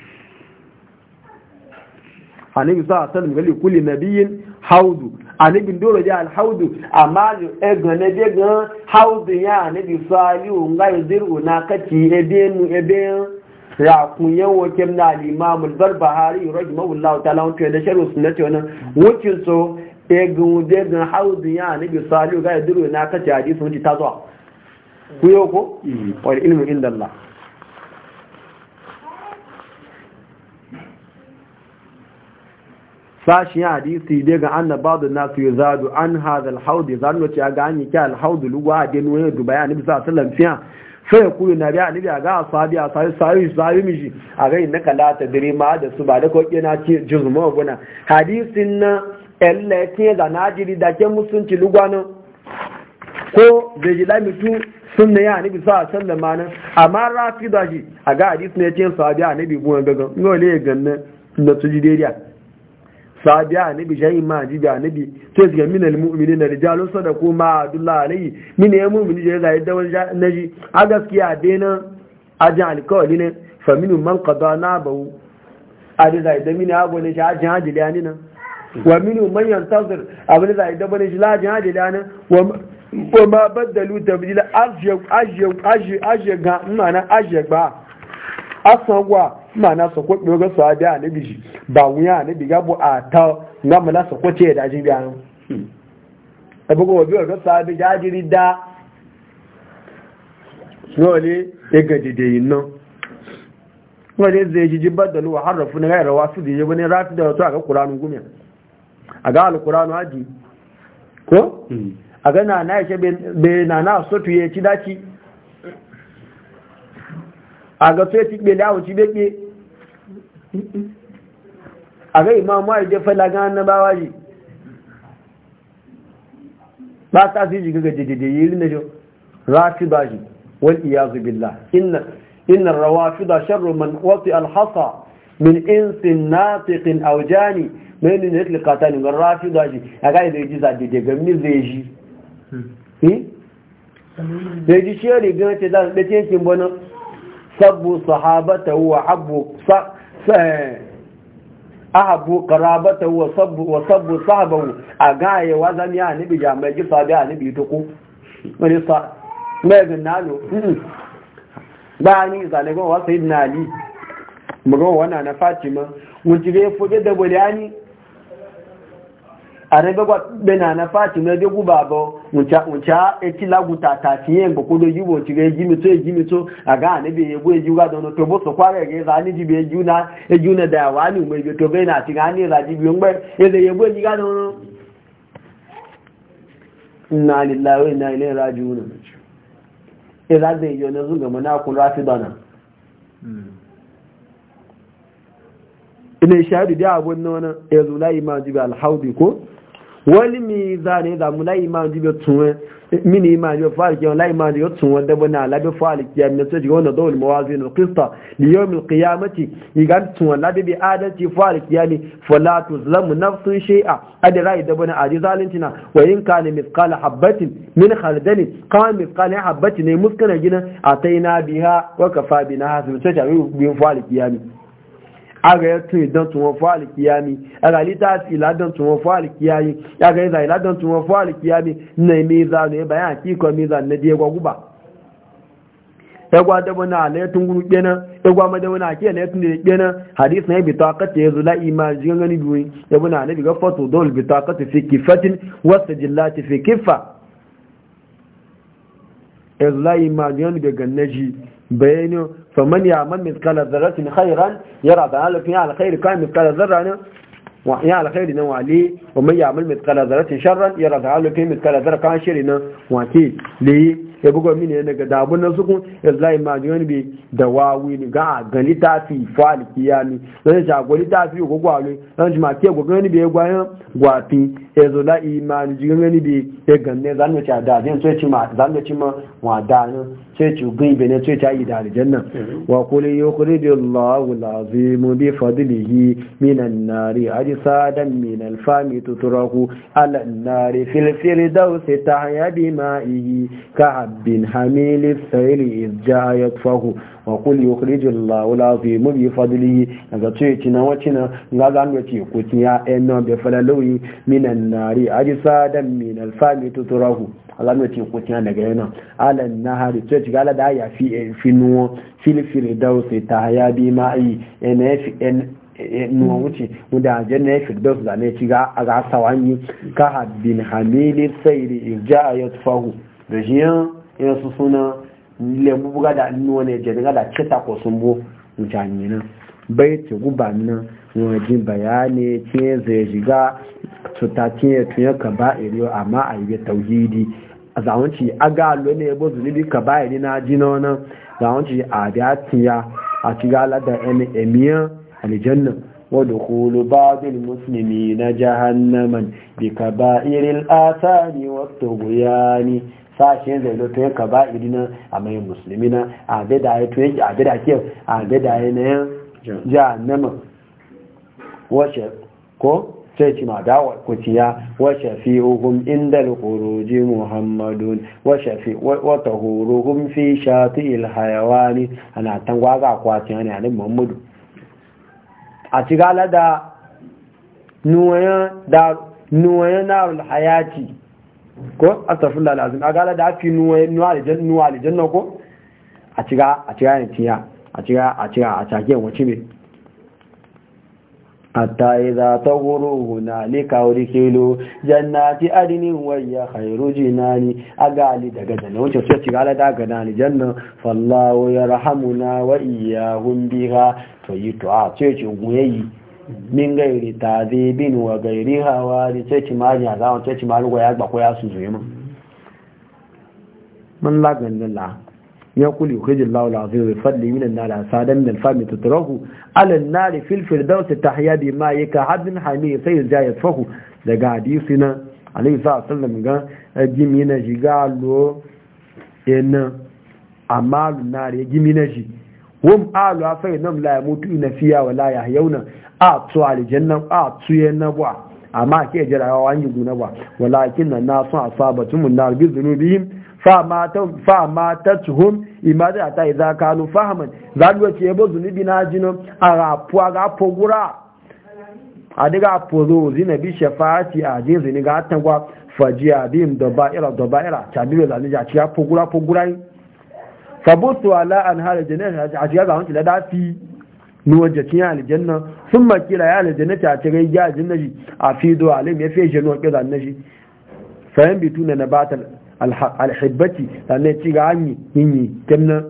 annabi sa sallam gali kulli nabiyin haudu annabi dole da alhaudu amma e gane de gan haudu ya annabi salihu ngai ziru na kaci e benu e ben ya kun yawo kim na al-imam al-barbahari rahimahullahu ta'ala wato da sharh sunnati wannan wucin so e gun de gan haudu ya annabi salihu ngai ziru na kaci hadisi mun mm. ta zuwa ku yau ko mm. Wani ilmu inda Allah sashen hadisi dai ga annaba da nasu ya zadu an hazal haudu zanu ce ga an yi kya alhaudu lugwa a denu wani dubai a nabi sa sallam fiya sai kuyi na biya nabi a ga asabi a sai sai sai miji a ga inna kala ta dire ma da su ba da kokke na ce juzuma guna hadisin na elle ke da najiri da ke musunci lugwa nan ko da jila mitu sunna ya nabi sa sallama nan amma rafi da shi a ga hadisi ne ce sahabi a nabi buwan gaga ngole ganna na tujideriya sahabi a nabi shayi ma jibi a nabi sai su gami na mu'mini na rijalun ko ma a a alayhi mini ya mu'mini ya zai dawar na ji a gaskiya dena ajin alkawali ne faminu man kada na bawu a da zai da mini agwani ne shi ajin hajji ni nan wa minu man tazir abu da zai da bane shi lajin hajji ni na wa ma baddalu da ajiyar ajiyar ajiyar ga ina ajiyar ba sanwa. mana na kwaɗo su abi a na biji ba a biga bu a ta na mala hmm. e e su kwace da daji biya nan abu ga wabi ga su abi da wale ya da yin nan wale zai ji jibar da na gaira wasu da yi wani rafi da wato a ga kuranu gumiya a ga alkuranu haji ko hmm. a ga na na ya e bai na na sotu ya ci a ga so ya ci lawo ci Aga ga imamu a jefa lagan annabawa ji ba ta su yi jiga ga yi na jo rafi ba ji wal iyazu billah inna rawafi da sharru man wasu alhasa min insin nafiqin aujani mai ne ya tilkata ne ra rafi da shi a ga zai za zaɗe ga mi zai ji zai ji shi gina ce za su ɗace yankin bana sabu sahabata wa abu sa ahabu karabata wa sabbu wa sabbu sahabu a gaye wa zami ya mai gisa da a nabi tuku wani sa mai ginalo ba ni zalagon wa sayyidina nali mugo wana na fatima mun jige da bulani arebegwa bena na fatima ebe guba bo ncha ncha etila guta ta tiye ngokodo yubo tiga ejimi to ejimi to aga anebe yebo eju ga dono tobo bo so kware ge za ni dibe eju na eju na da wa ni mo ejo to be tiga ni la dibe ngbe ede yebo eji ga dono inna lillahi wa inna e na zunga mana wani mi za ne za mu layi ma jibe tunwe mini ma jibe falki wani layi ma jibe tunwe da bana labi falki ya minace jiga wanda zawul mawazi na kista li yau mil kiyamati igan tunwe labi bi adalci falki ya ne falatu zlamu shi'a adi da bana aji zalintina wa yin ka ne miskala habbatin min khaldani ka ne muskana gina a ta na biya na mace aga ya tun idan tun wọn fọ alikiyami aga lita si iladan tun wọn fọ alikiyami aga iza iladan tun wọn fọ alikiyami na ime iza na eba yan ki ko mi iza na diye gwaguba egwa dabo na ala tun guru kenan egwa madabo na ki ala tun de kenan hadith na bi taqat ya zula iman jigan gani duwi yabo na nabi ga fatu dol bi taqat fi kifatin wa sajillat fi kifa ya ezula iman jigan de gannaji bayani faman ya man miskala zarratin khairan yara da alafin ya alkhairi kan miskala zarra ne ya alkhairi nan wale wa man ya man miskala zarratin sharran yara da alafin miskala zarra kan shiri nan wake le ya bugo mini ne daga dabun nan sukun islai ma jiwani bi da wawi ni ga gani tafi faliki ya ni dan ja goli tafi gogo ale dan jima ke gogo ni bi gwayan gwafi ya zo la imani jigin gani bi ya ganne zan mace da zan sai ci ma zan mace ma wa da nan sai ci gun bi ne sai ta yi da aljanna mm-hmm. wa qul yukhrijullahu alazim bi fadlihi minan nari ajsadan min alfami tutraku ala nari fil firdaus tahya bima'ihi ka habbin hamil sayli idja yatfahu wa kul yukhrijullahu al-azim bi fadlihi daga ce tina wacina ga zan yace ko tiya enno be falalawi minan nari ajisadan min al-fami tuturahu Allah ne ce ko tiya daga yana alan nahari ce ga la da ya fi eh, finuwo fil firdausi ta ya bi ma'i nfn eh, nuwa wuce da na ya fi da zane ci ga a ga sawanyi ka bin hamilin sairi irja ya tufahu da shi yan su suna lebu buga da nuwa ne je daga da ta ko sun bo mutane bai ce guba wani wajen bayani ce zai shiga tutakin tuyen ka ba iriyo amma a yi tauhidi a zamanci a ga alo ne yabo zunubi ka ba iri na ji na wani zamanci a biya tiya a shiga ladar emiyan alijannan ودخول بعض المسلمين جهنما بكبائر الآثام والطغيان sashen zai loto ya kaba iri na a mai musulmi na a bida ya tuye a bida ke a ya na yan jahannama wace ko sai ci ma dawa ko ya wace fi hukum inda lukuruji muhammadun wace fi wata hukum fi shafi ilhayawani ana a akwatin ne yanin muhammadu a cigala da nuwayen narul hayati ko astaghfirullah alazim la da fi nuwa nuwa jan nuwa aljanna ko a ciga a ciga ne tiya a ciga a ciga a ciga wace me atta idza tawuru hunalika urkilu jannati adini wa ya khairu jinani agali daga da wace sai ciga la ga da aljanna fallahu yarhamuna wa iyyahum biha to yi to a ce ce guyeyi min gairi ta bin wa gairi hawa da ceci mari a zawon ceci mari wa ya gbakwa ya su zuwa mun mun lagun lalla ya kuli hujjin laula zai zai fadli min na da sadan da alfami ta turahu alin da filfil da wasu tahiya bi ma yi ka hadin hami sai ya ya fahu daga hadisi na alayhi sa sallam ga jimi eh, na shiga lo ina amma lunari jimi na shi wọn eh, eh, alu afai nam la mutu ina fiya wa la yahyuna a tu aljanna a tu yana nabwa amma ke jirawa wani guna ba walakin nan na sun asabatun mun na bi zunubi?" fa ma ta tuhum imada ta idza kanu fahman zalu ce yabo zunubi na jino a rafu a gafo gura a diga pozo zina bi shafa'ati a jin zini ga tangwa fajiya bim da ba'ira da ba'ira tabibe zani ja ci ya pogura pogura fabutu ala an hal jannah a ci ga wanci da dafi nuwajjacin ya aljanna sun makira ya aljanna ta ce gai ya aljanna shi a fido alim ya fi shi ke kira na shi sayan bitu na nabatar alhibbati sannan ci ga hanyi yinyi kemna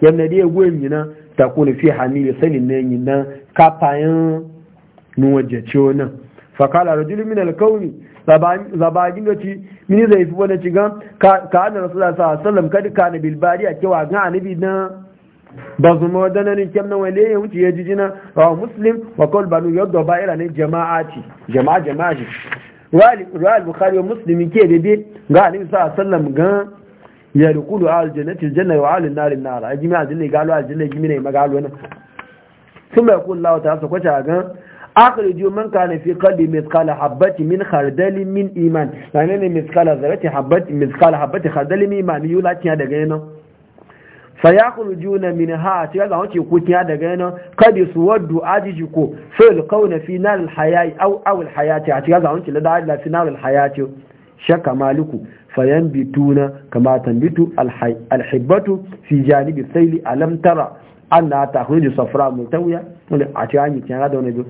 kemna da ya goyi mina ta kuna fi hamili sanin na yin na kafayen nuwajjaci wannan fakala rajulun min alkauni zabagin da ci mini zai fi wani ci gan ka ana rasu da sa sallam kadi ka na bilbari a kewa gan anabi na ba su ma wadannan kyam wale ya wuce ya ji jina wa muslim wa kawal banu yadda ba ira ne jama'a ce jama'a jama'a ce ruwa bukhari wa muslimi ke daidai ga alim sa sallam ga ya rikulu a aljannati janna wa alin narin nara a jimi aljanna galo aljanna jimi ne magalo nan sun bai kun lawa ta sakwace a gan jiyo man kana fi qalbi mithqala habati min khardalin min iman yana ne mithqala zarati habati mithqala habati khardalin min iman yula tiya daga yana fayakhurujuna minha to ya zama ce ku kiya daga yana kadi su wadu ajiji ko fil qawna fi nar al hayai aw aw al hayati to ya zama ce la da fi nar al hayati shakka maliku fayanbituna kama tanbitu al hibbatu fi janibi sayli alam tara anna takhruju safra mutawiya wala a ta yi kiya da wani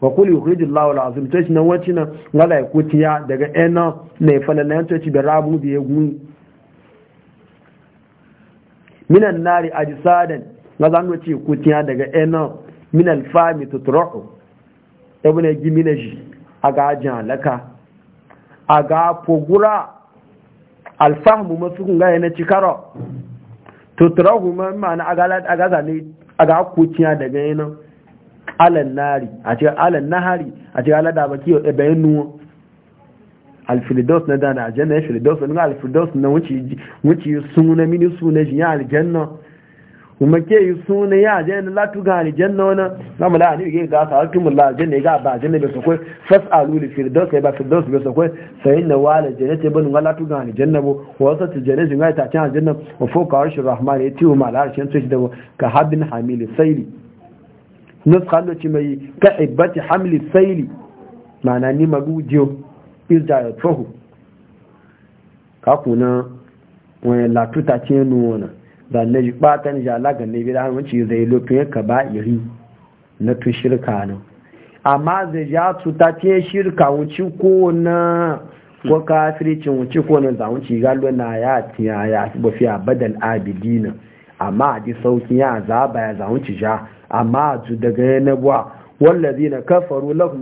wa kul yukhrijul lahu al azim to shi nan wacin nan ngala ku kiya daga yana ne falalan to ci da rabu biye gumi minan nari ajisadan na zanu ce kutiya daga ena min alfami tutrahu ibn gimina shi aga jalaka aga pogura alfahmu masu kun ga yana cikaro tutrahu ma ma'ana aga a zane aga kutiya daga ena alan nari a ce alan nahari a ce alada baki da nuwa alfirdaus na dana aljanna ya firdaus na alfirdaus na wuce yi suna mini suna shi ya aljanna kuma ke yi suna ya aljanna latu ga aljanna wani zama da hannu ga gasa hakin mula aljanna ya ga ba aljanna bai sakwai fas aluli firdaus ya ba firdaus bai sakwai sayin na wala aljanna ta bani wala ga aljanna bu wasu ta jane shi ga itacen aljanna wa foka harshen rahman ya tiwo ma alharshen tsoshi da ka habin hamili saili nuska lokaci mai ka ibbati hamili saili ma'ana ni magujiyo irja ya tsohu kakuna wani latuta ce nuna da na yi batan ji alaga ne bi da hanci zai lokacin ya ka ba iri na tun shirka nan amma zai ja tuta ce shirka wuci ko na ko kafircin wuci ko na zawunci galo na ya tiya ya ba a abadan abidina amma a ji sauki ya zaba ya zawunci ja amma a ju daga ya nabuwa wallazi na kafaru lafi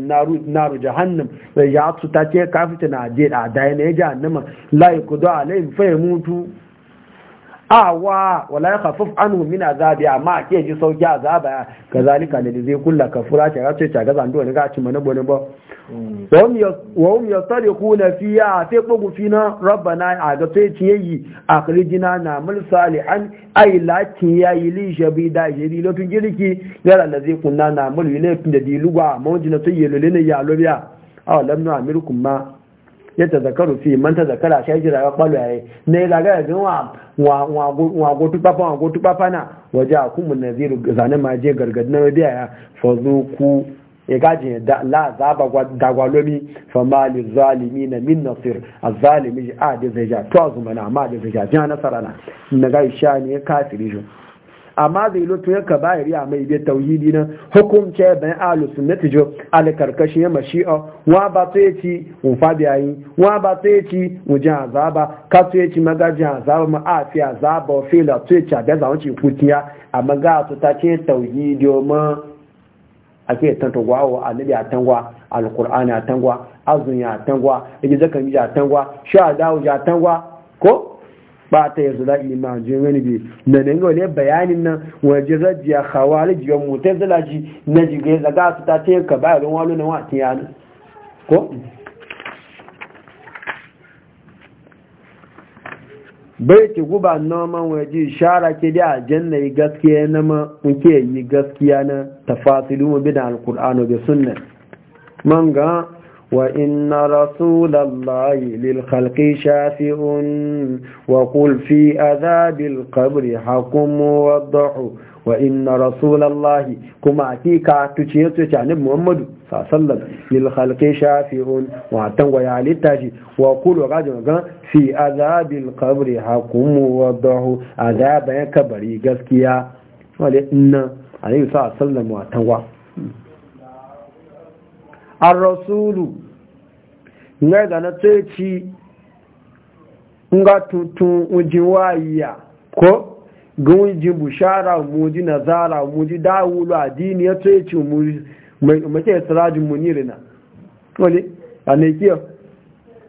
na ruja hannun da ya su ta ce kafita na adaina ya ji hannun ma laifin kudu a laifin fahimutu awa wala ya khafif anhu min azabi amma ke ji sauki azaba ya kazalika ne zai kulla kafura ta race ta gaza ndo ne ga ci mana bone ba mm. wa hum yastariquna fiya fi bugu fina rabbana a ga sai ci yayi akhrijina na mul salihan ay la ki yayi li da jiri lo tun girki gara da zai kunna na mul ne tun da diluwa mawjina to yelo ne ya lobiya aw lam nu ma ya tazakaru fi man zakara shajira ya kwalo yayi ne daga ga wa wago tupa wago na waje a kuma naziru zane ma je gargadi na mabiya ya fazo ku ya gaji da la zaba dagwalomi fa zalimi na min nasir a zalimi a da zai ja to azuma na da zai ja fiya nasara na na gaisha ne kafiri shi amma zai lotu ya ka bayari a mai bai tauhidi na hukumce bayan alu sunnati jo ala karkashin ya mashi'a wa ba to ya ci un fadi ayi wa ba to ya ci un ji azaba ka to ya ci magajin azaba ma a fi azaba fi la to ya ci abin zawon ci kutiya amma ga su ta ce tauhidi ma ake tantagwa wa annabi a tangwa alqur'ani a tangwa azun ya tangwa idan zakan yi a tangwa a dawo ya tangwa ko Ba bata ya zula imajin wani bi na ninga wani bayanin nan waje rajiya khawari jiyon mutai zalaji na jigai zaga su ta tayin ka bayan wani na wata yana ko bai ce guba noman waje shara ke da ajanna yi gaskiya na ma nke yi gaskiya na tafasilu mu bi da alkur'ano وإن رسول الله للخلق شافع وقل في أذاب القبر حكم وضح وإن رسول الله كما أتيك تشيط عن محمد صلى الله عليه وسلم للخلق شافع وعتن ويعلي تاجي وقل رجل في أذاب القبر حكم وضح أذاب كبري قسكيا ولئن عليه الصلاة والسلام وعتن الرسول nga da na tsoci nga tuntun ujin wayiya ko gan ujin bushara umuji nazara umuji dawulu adini ya tsoci umuji mace sirajin munirina wale a ne kiyo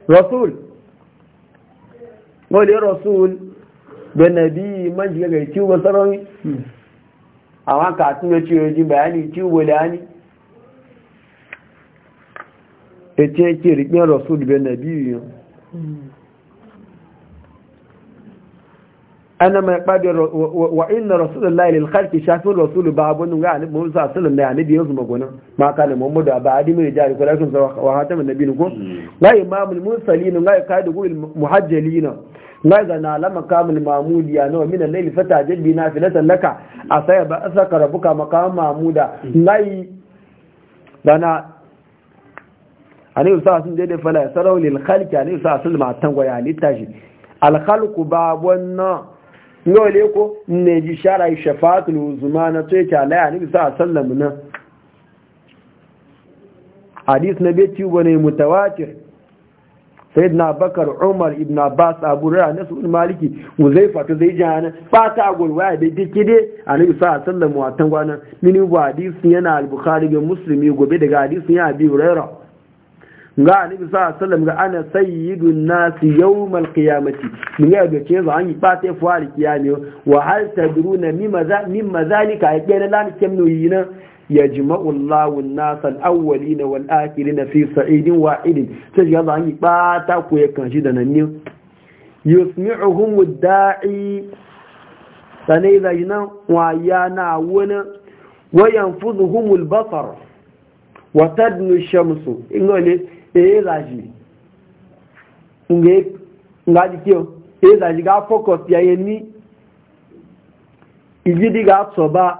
rasul wale rasul da nabi man ga ciwo sarari a haka tun ya ciwo ji bayani ciwo da yani ete yake rikin rasul bin nabiyu ana mai kpabe wa inna rasulullahi lil khalqi shafin rasulu ba abun ga ani mu sa sallan da ani biyo zuma gona ma kana muhammadu aba adimi da jari kula kun wa hatam nabiyyin ko la hmm. imamul mursalin la kaidu gul muhajjalina la zana lama kamul mamudi ya no min al-layl fata jaddi nafilatan laka asaya ba asaka rabbuka maqam mamuda la hmm. zana Ani annabi sallallahu alaihi wasallam fala sarau lil khalqi annabi sallallahu alaihi wasallam tango ya litashi al khalqu babwanna ngole ko ne ji shara shafa'atul uzma na to yake alai annabi sallallahu alaihi na hadith na bai ciwo ne mutawatir sayyidina bakar umar ibn abbas abu rara na sun maliki muzaifa ta zai jihana ba ta gurwaya da dike dai annabi sa sallallahu alaihi wasallam wa tangwana mini hadisi yana al-bukhari ga muslimi gobe daga hadisi ya abi rara ga annabi sallallahu alaihi wasallam ga ana sayyidun nasi yawmal qiyamati mun ga ga ce zan yi fate fuwar kiyami wa hal tadruna mimma za mimma zalika ya kana lan kemno yina yajma'u Allahu an-nas al-awwalin wal-akhirin fi sa'idin wahid sai ga zan yi ta ku ya kan shi da nan ne yusmi'uhum ad-da'i sanai da yinan na? wani wayanfuzuhum al-basar wa tadnu ash-shamsu ingole ezaji eh, nga dikio ezaji eh, ga focus ya yeni igidi ga soba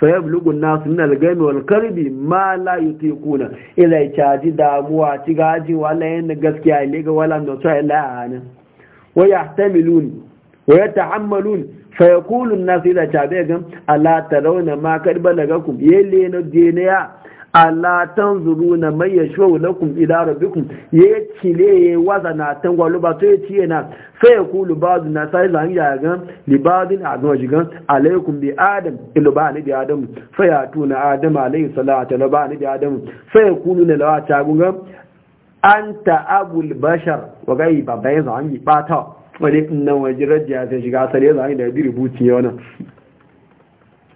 fayablugu nasu min al-gami wal karbi ma la yutiquna ila da damuwa ti gaji wala yan gaskiya ne ga wala no sai la'ana wa yahtamilun wa yatahammalun yaqulu an-nas ila tabi'an ala tarawna ma kadbalagakum yele no ya. ala tanzuru na mai ya shuwa lakum idara bikun ya cile ya waza na tangwa luba to ya ciye na sai ya ku lubadu na sai zan ya ga a gan shigan alaikun bi adam iluba ni bi adam sai ya tuna adam alaihi salatu luba ni bi adam sai ya kulu na lawa ta an ta abul bashar wa gai ba ya zan yi bata wani nan waje rajiya sai shiga sare zan yi da bi rubuci nan.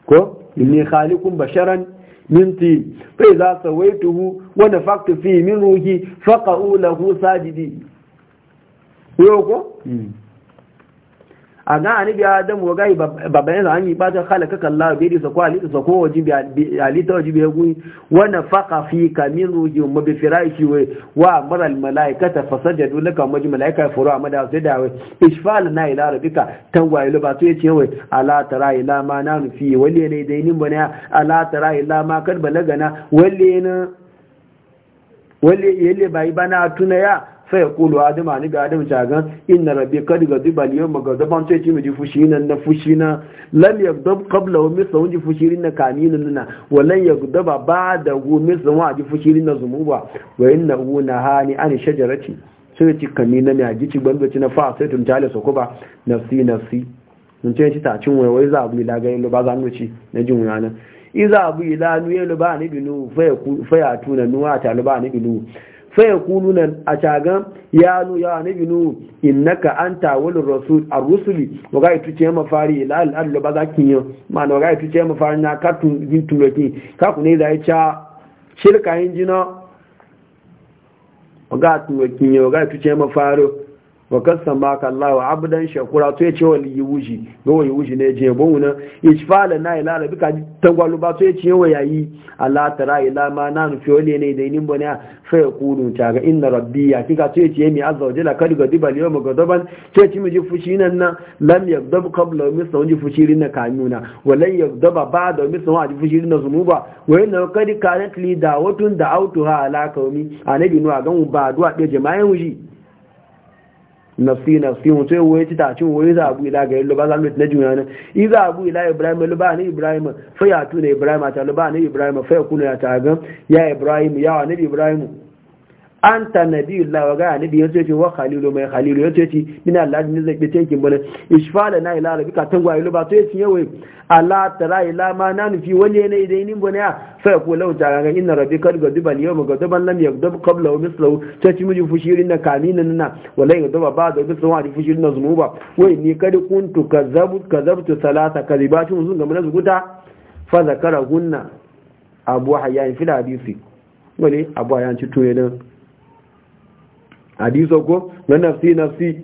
ko inni khaliqun basharan Minti, ti fai za sa tuhu wani fi min ruhi faƙa'u lahu sajidi yau ko a ga anibi adamu wa gai babban zan yi bata halaka kallahu bi disa ko alita ko wajibi alita bi yagun wa nafaqa fi kamin ruji mu bi firaishi wa wa mara al malaikata fasajadu laka maji malaika furu amada sai da wai ishfal na ila rabbika tawai lu ba to yace wai ala tara ila ma nanu fi wali ne dai nin bana ala tara ila ma kad balagana wali ne wali yalle bai bana tunaya sai kulu adama ni ga adam jagan inna rabbi kad gadiba al yawma gadaban sai ci miji fushi nan na fushi na lam yagdab qabla wa misa wunji fushirin na kanin nan wa lan yagdaba ba'da hu misa wa ji fushirin na zumuba wa inna hu nahani an shajarati sai ci kamina na ne ji ci na fa sai tun jale soko ba nafsi nafsi mun ce ci cin wai wai za abu ila ga yalo ba za mu ci na jin wuyana iza abu ila nu yalo ba ni binu fa ya tuna nuwa ta ba ni binu sai kuluna a cagan ya nu ya nabi nu innaka anta walur rasul ar-rusuli ga itu ce ma fari al'adu ba za ki yi ma na ga itu ce ma fari na katun jin turaki ka ku ne yi ca shirka yin jina ne ba ga itu ce ma faro wa kasa ka Allah wa abdan shakura to ya ce wa wuji ga wa wuji ne je bon wuna isfala na ila rabi ka tangwalu ba to ya ce wa yayi Allah tara ila ma na fi ne da yi bane fa ya kudu ta ga inna rabbi ya kika to ya ce mi azza wa jalla kad gadiba liyo ma ga to ya ce mi ji fushi nan na lam yagdab qabla mi sa ji fushi na kanuna wa lan ba'da mi sa ji fushi rinna zunuba wa inna kad kanat li da'watun da ala ha anabi nu a gan ba duwa da jama'in wuji nafsi nafsi mutu ya woye tita cin woye za abu ila gari loba zamu na juna ne iza abu ila ibrahim loba ne ibrahim fa ya tuna ibrahim ta loba ne ibrahim fa ya kuna ya ta ga ya ibrahim ya nabi ibrahim anta Allah wa ga nabi yace ce wa khalilu mai khalilu yace ce min Allah ne zai bice kin bane ishfala na ila rabbika tangwaye lu ba to yace yawe ala tara ila ma nan fi wani ne idan nin bane fa ko lau ta ga inna rabbika gadiban yawm gadiban lam yagdab qabla mislahu ta ci miji fushirin na kaminan na wala yagdab ba da bisu wa fushirin na zunuba wai ni kad kuntu kazabu kazabtu salata kazibatun zun ga mana zuguta fa gunna abu hayyan fil hadisi wani abu hayyan ci to ne hadiso ko na nafsi nafsi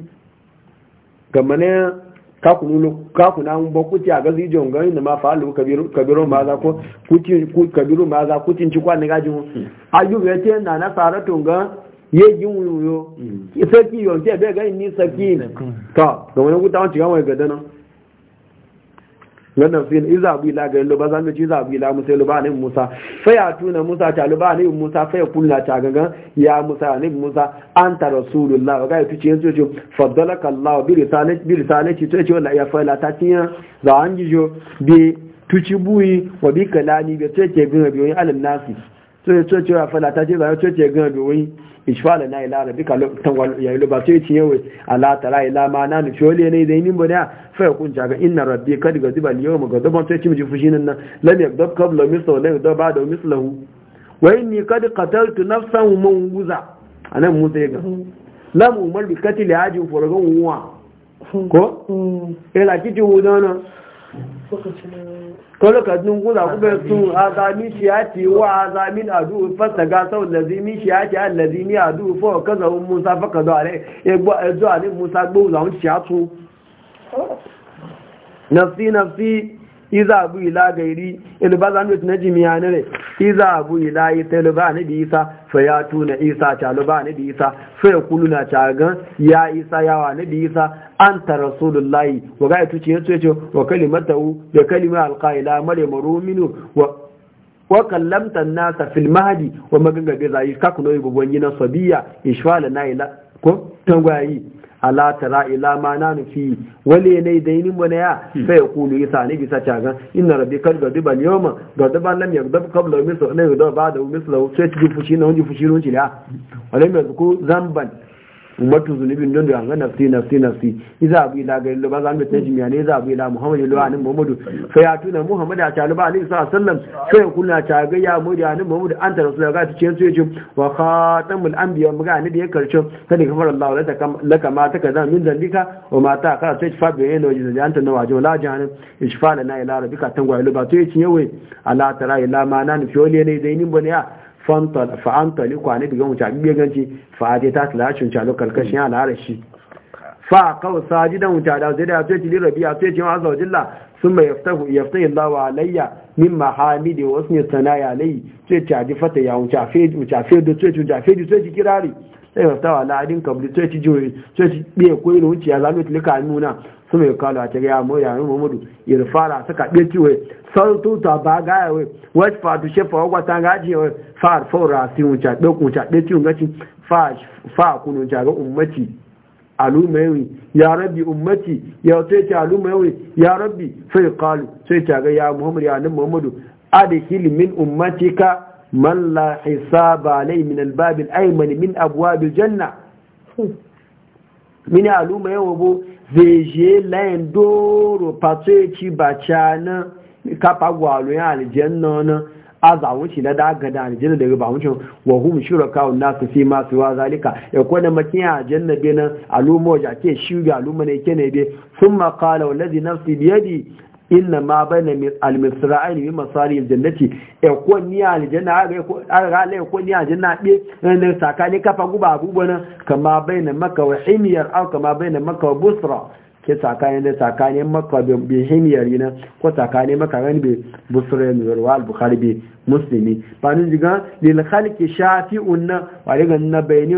gamane kakunu kakuna mun ba kuti a gazi jon ga inda ma falu kabiru kabiru ma za ko kuti ku kabiru ma za kuti ci kwa ne gajin ayu ga hmm. te na na saratu ga ye jin wuyo hmm. sai ki yo te be ga ni sakin hmm. ta gamane ku ta wanci ga mai na. wannan fiye iza bu ila ga ba zan ci za bu ila musa ba ne musa fa ya tuna musa ta ba ne musa fa ya kulla ta gaga ya musa ne musa anta rasulullah ga yace yanzu ce faddalaka allah bi risalati bi risalati to ce wallahi ya fa la ta tiya za an gijo bi tuci buyi wa bi kalani bi ce ke bin biyoyin alal nasi so ya coci wa fana ta ce zai coci ya gina domin ishfala na ila rabika lokacin ya yi lubatu ya ciye alatara ala tara ila ma na nufi wani yanayi zai nimbo da fai kun ga inna rabbi kadi ga ziba liyo ma ga zaban sai cimji fushi nan nan lam ya gab kabla misla wa lam ya gab ba'da mislahu wa inni kad qataltu nafsan mawuza anan musa ya ga lam umar bi kati katli haji forogan uwa ko ila kiti wudana ko lokacin kuna kuma sun azami shiyati wa azamin adu fasta ga sau lazimi shiyati an lazimi adu fa kaza un musa fa kaza ale egbo ezo ale musa gbo la un shiyatu nafsi nafsi iza bu ila gairi na jimiya ne iza bu ila ita ilba ne bi fa ya tuna isa ta ilba ne bi fa ya kuluna ta gan ya isa yawa ne bi anta rasulullahi wa ga ce yace ce wa kalimatu da kalima alqaila maryam ruminu wa wa kallamta nasa fil mahdi wa magangabe zai ka kuno yi yi na sabiya ishwala na ila ko tangwayi ala tara ila ma na nufi wale ne da yini mun ya hmm. sai kulu isa ne bisa cagan inna rabbi kad gadiba al yawma gadiba lam yagdab qabla min sa'na yudaba ba'da misla sai ci fushi na hunji fushi runci la walam yazku zamban batu zunubin don da hanga nafsi nafsi nafsi iza abu ila ga lo ba za mu ta jimiya ne iza abu ila muhammadu lo anin muhammadu fa ya tuna muhammadu a taluba alayhi sallam sai ya kunna ta ga ya mu da anin muhammadu an ta rasulullah ga ta ce su yace wa khatamul anbiya mu ga ni da ya karce kada ka fara Allah laka laka ma ta kaza min zalika wa ma ta ka sai fa bayan lo jiza anta na wajo la jahanin ishfa na ila rabbika tangwa lo ba to ya yace yawe ala tara ila ma nan fiole ne dai nin bane ya fa'antali kwanin da yawon cabi ganci Fa'adai ta tilashin calo kalkashin al'arashi fa kawo sajidan wuta da zai da ya ce tilin rabi a ce cewa azawajilla sun mai yaftan yallawa alayya min mahamidi wasu ne sana ya lai ce caji fata ya mucafe da ce mucafe da ce kirari sai wata tawa la'adin kabli ce ci jiwe ce biye koyi na wuce ya zama tilika nuna su mai kalu a tare ya mu ya yin mamadu irfara suka biye ciwe sautu ta ba gaya wai wasu fatu shefa wa gwata gaji wai fa'ar faura si wuce ɗauku wuce ɗauku wuce fa kunu jaga ummaci alumaiwi ya rabbi ummati ya sai ce alumaiwi ya rabbi sai qalu sai ta ga ya muhammad ya annabi muhammadu adkhil min ummatika man la hisaba alai min albab alayman min abwab aljanna min alumaiwi bo veje lain doro patechi bachana kafa gwalo ya aljanna na aza wuce na daga da aljanna da ba mutum wa hum shuraka wa nas fi ma siwa zalika ya ko da makiya aljanna be nan alumo ja ke shuga alumo ne ke ne be thumma qala wallazi nafsi bi yadi inna ma bayna al-misra'aini bi masari al-jannati ya ko ni al-janna ga ko ga le ko ni al be nan sakani kafa guba abubuwa kama bayna makka wa himyar aw kama bayna makka wa busra ke tsakanin da tsakanin makka bi himiyari na ko tsakanin maka gani bai busurai mai zarwa albukhari bai musulmi ba nun jiga lil khalqi shafi'un na wa diga na bayni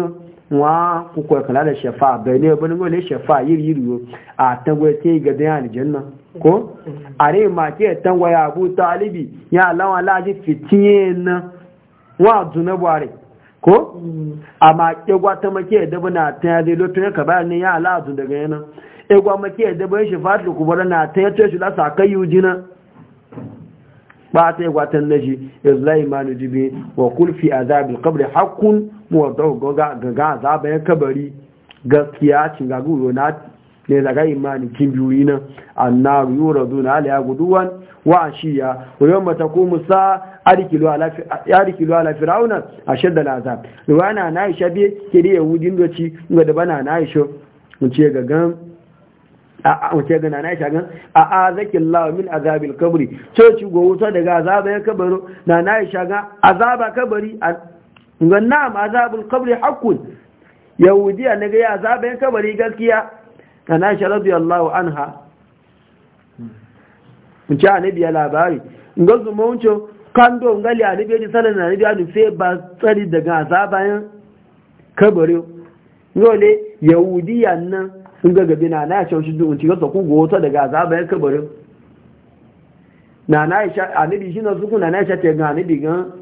wa ku ko kala da shafa bayni wani go ne shafa yiri yiri a ta yi ga yana janna ko are ma ke tangwa abu talibi ya lawa laji fitiyen wa dunabare ko mm. ma ke gwata make da bana ta zai lotun ka bayan ya alazu daga yana egwa maki yadda bai shi fatu kubara na ta yato shi lasa kai yi jina ba ta yi gwatan na shi jibi wa kulfi azabin kabri hakun muwaddau gaga ya kabari gaskiya cin gagu na ne daga imani kin biyu na annaru yuradu na alaya guduwan wa a shiya yawma mata sa musa ala arkilu ala fir'auna ashadda laza ruwa na aisha bi kidi yahudin doci ga da na na yi mun ce gagan wace gana na shagan a azakin lawa min azabin kabari coci gowuta daga azaba ya kabaro na na shagan azaba kabari ga na'am azabin kabari hakkun yahudiya na gaya azaba ya kabari gaskiya na na sha radiyallahu anha mun ci a nabiya labari ga zuma wucin kando ngali a nabiya ji sanar na nabiya nufe ba tsari daga azaba ya kabari yau ne yahudiya nan sun ga gabi na na shaushi duk ci gasa ku goto daga azaba ya kabarin na na isha anabi shi na suku na na sha ta ga anabi gan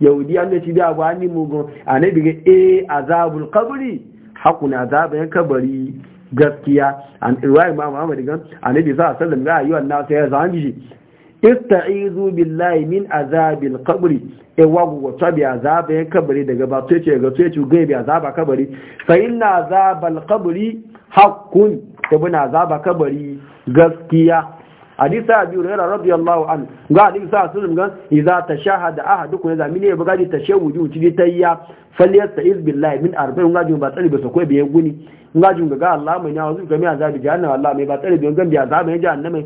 yahudi an da shi da ba ni mu gan anabi ga eh azabul qabri hakuna azaba ya kabari gaskiya an riwaya ma Muhammad gan annabi sallallahu alaihi wasallam ga ayyuhan nas ya zanji ista'izu billahi min azabil qabri e wagu wata bi azaba ya kabari daga ba sai ce ga sai ce ga bi azaba kabari fa inna azabal qabri haqqun tabuna azaba kabari gaskiya hadisi abi hurairah radiyallahu an ga hadisa a sunan ga idza tashahada ahadukum idza mini ya bugadi tashawuju uti tayya falyasta'iz billahi min arba'in ga jin ba tsari ba sokoi biyan guni ga jin ga Allah mai nawazu ga mi azabi jihannan Allah mai ba tsari biye gambi azabi jahannam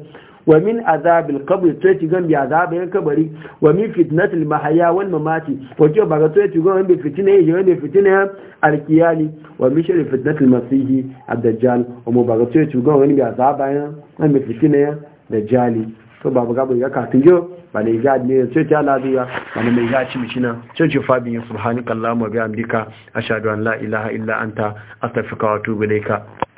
wa min azabil qabr to ci gan bi azabin kabari wa min fitnatil mahaya wal mamati to ke ba to ci gan bi fitina ye gan bi fitina alkiyali wa min shari fitnatil masihi ad-dajjal wa mu ba to ci gan bi azabin an bi fitina dajjali to ba ba ba ga ka tinjo ba ne ga ne ce ala lafiya ba ne mai ya ci mishina ce ce fabin subhanakallahumma bihamdika ashhadu an la ilaha illa anta astaghfiruka wa atubu ilaika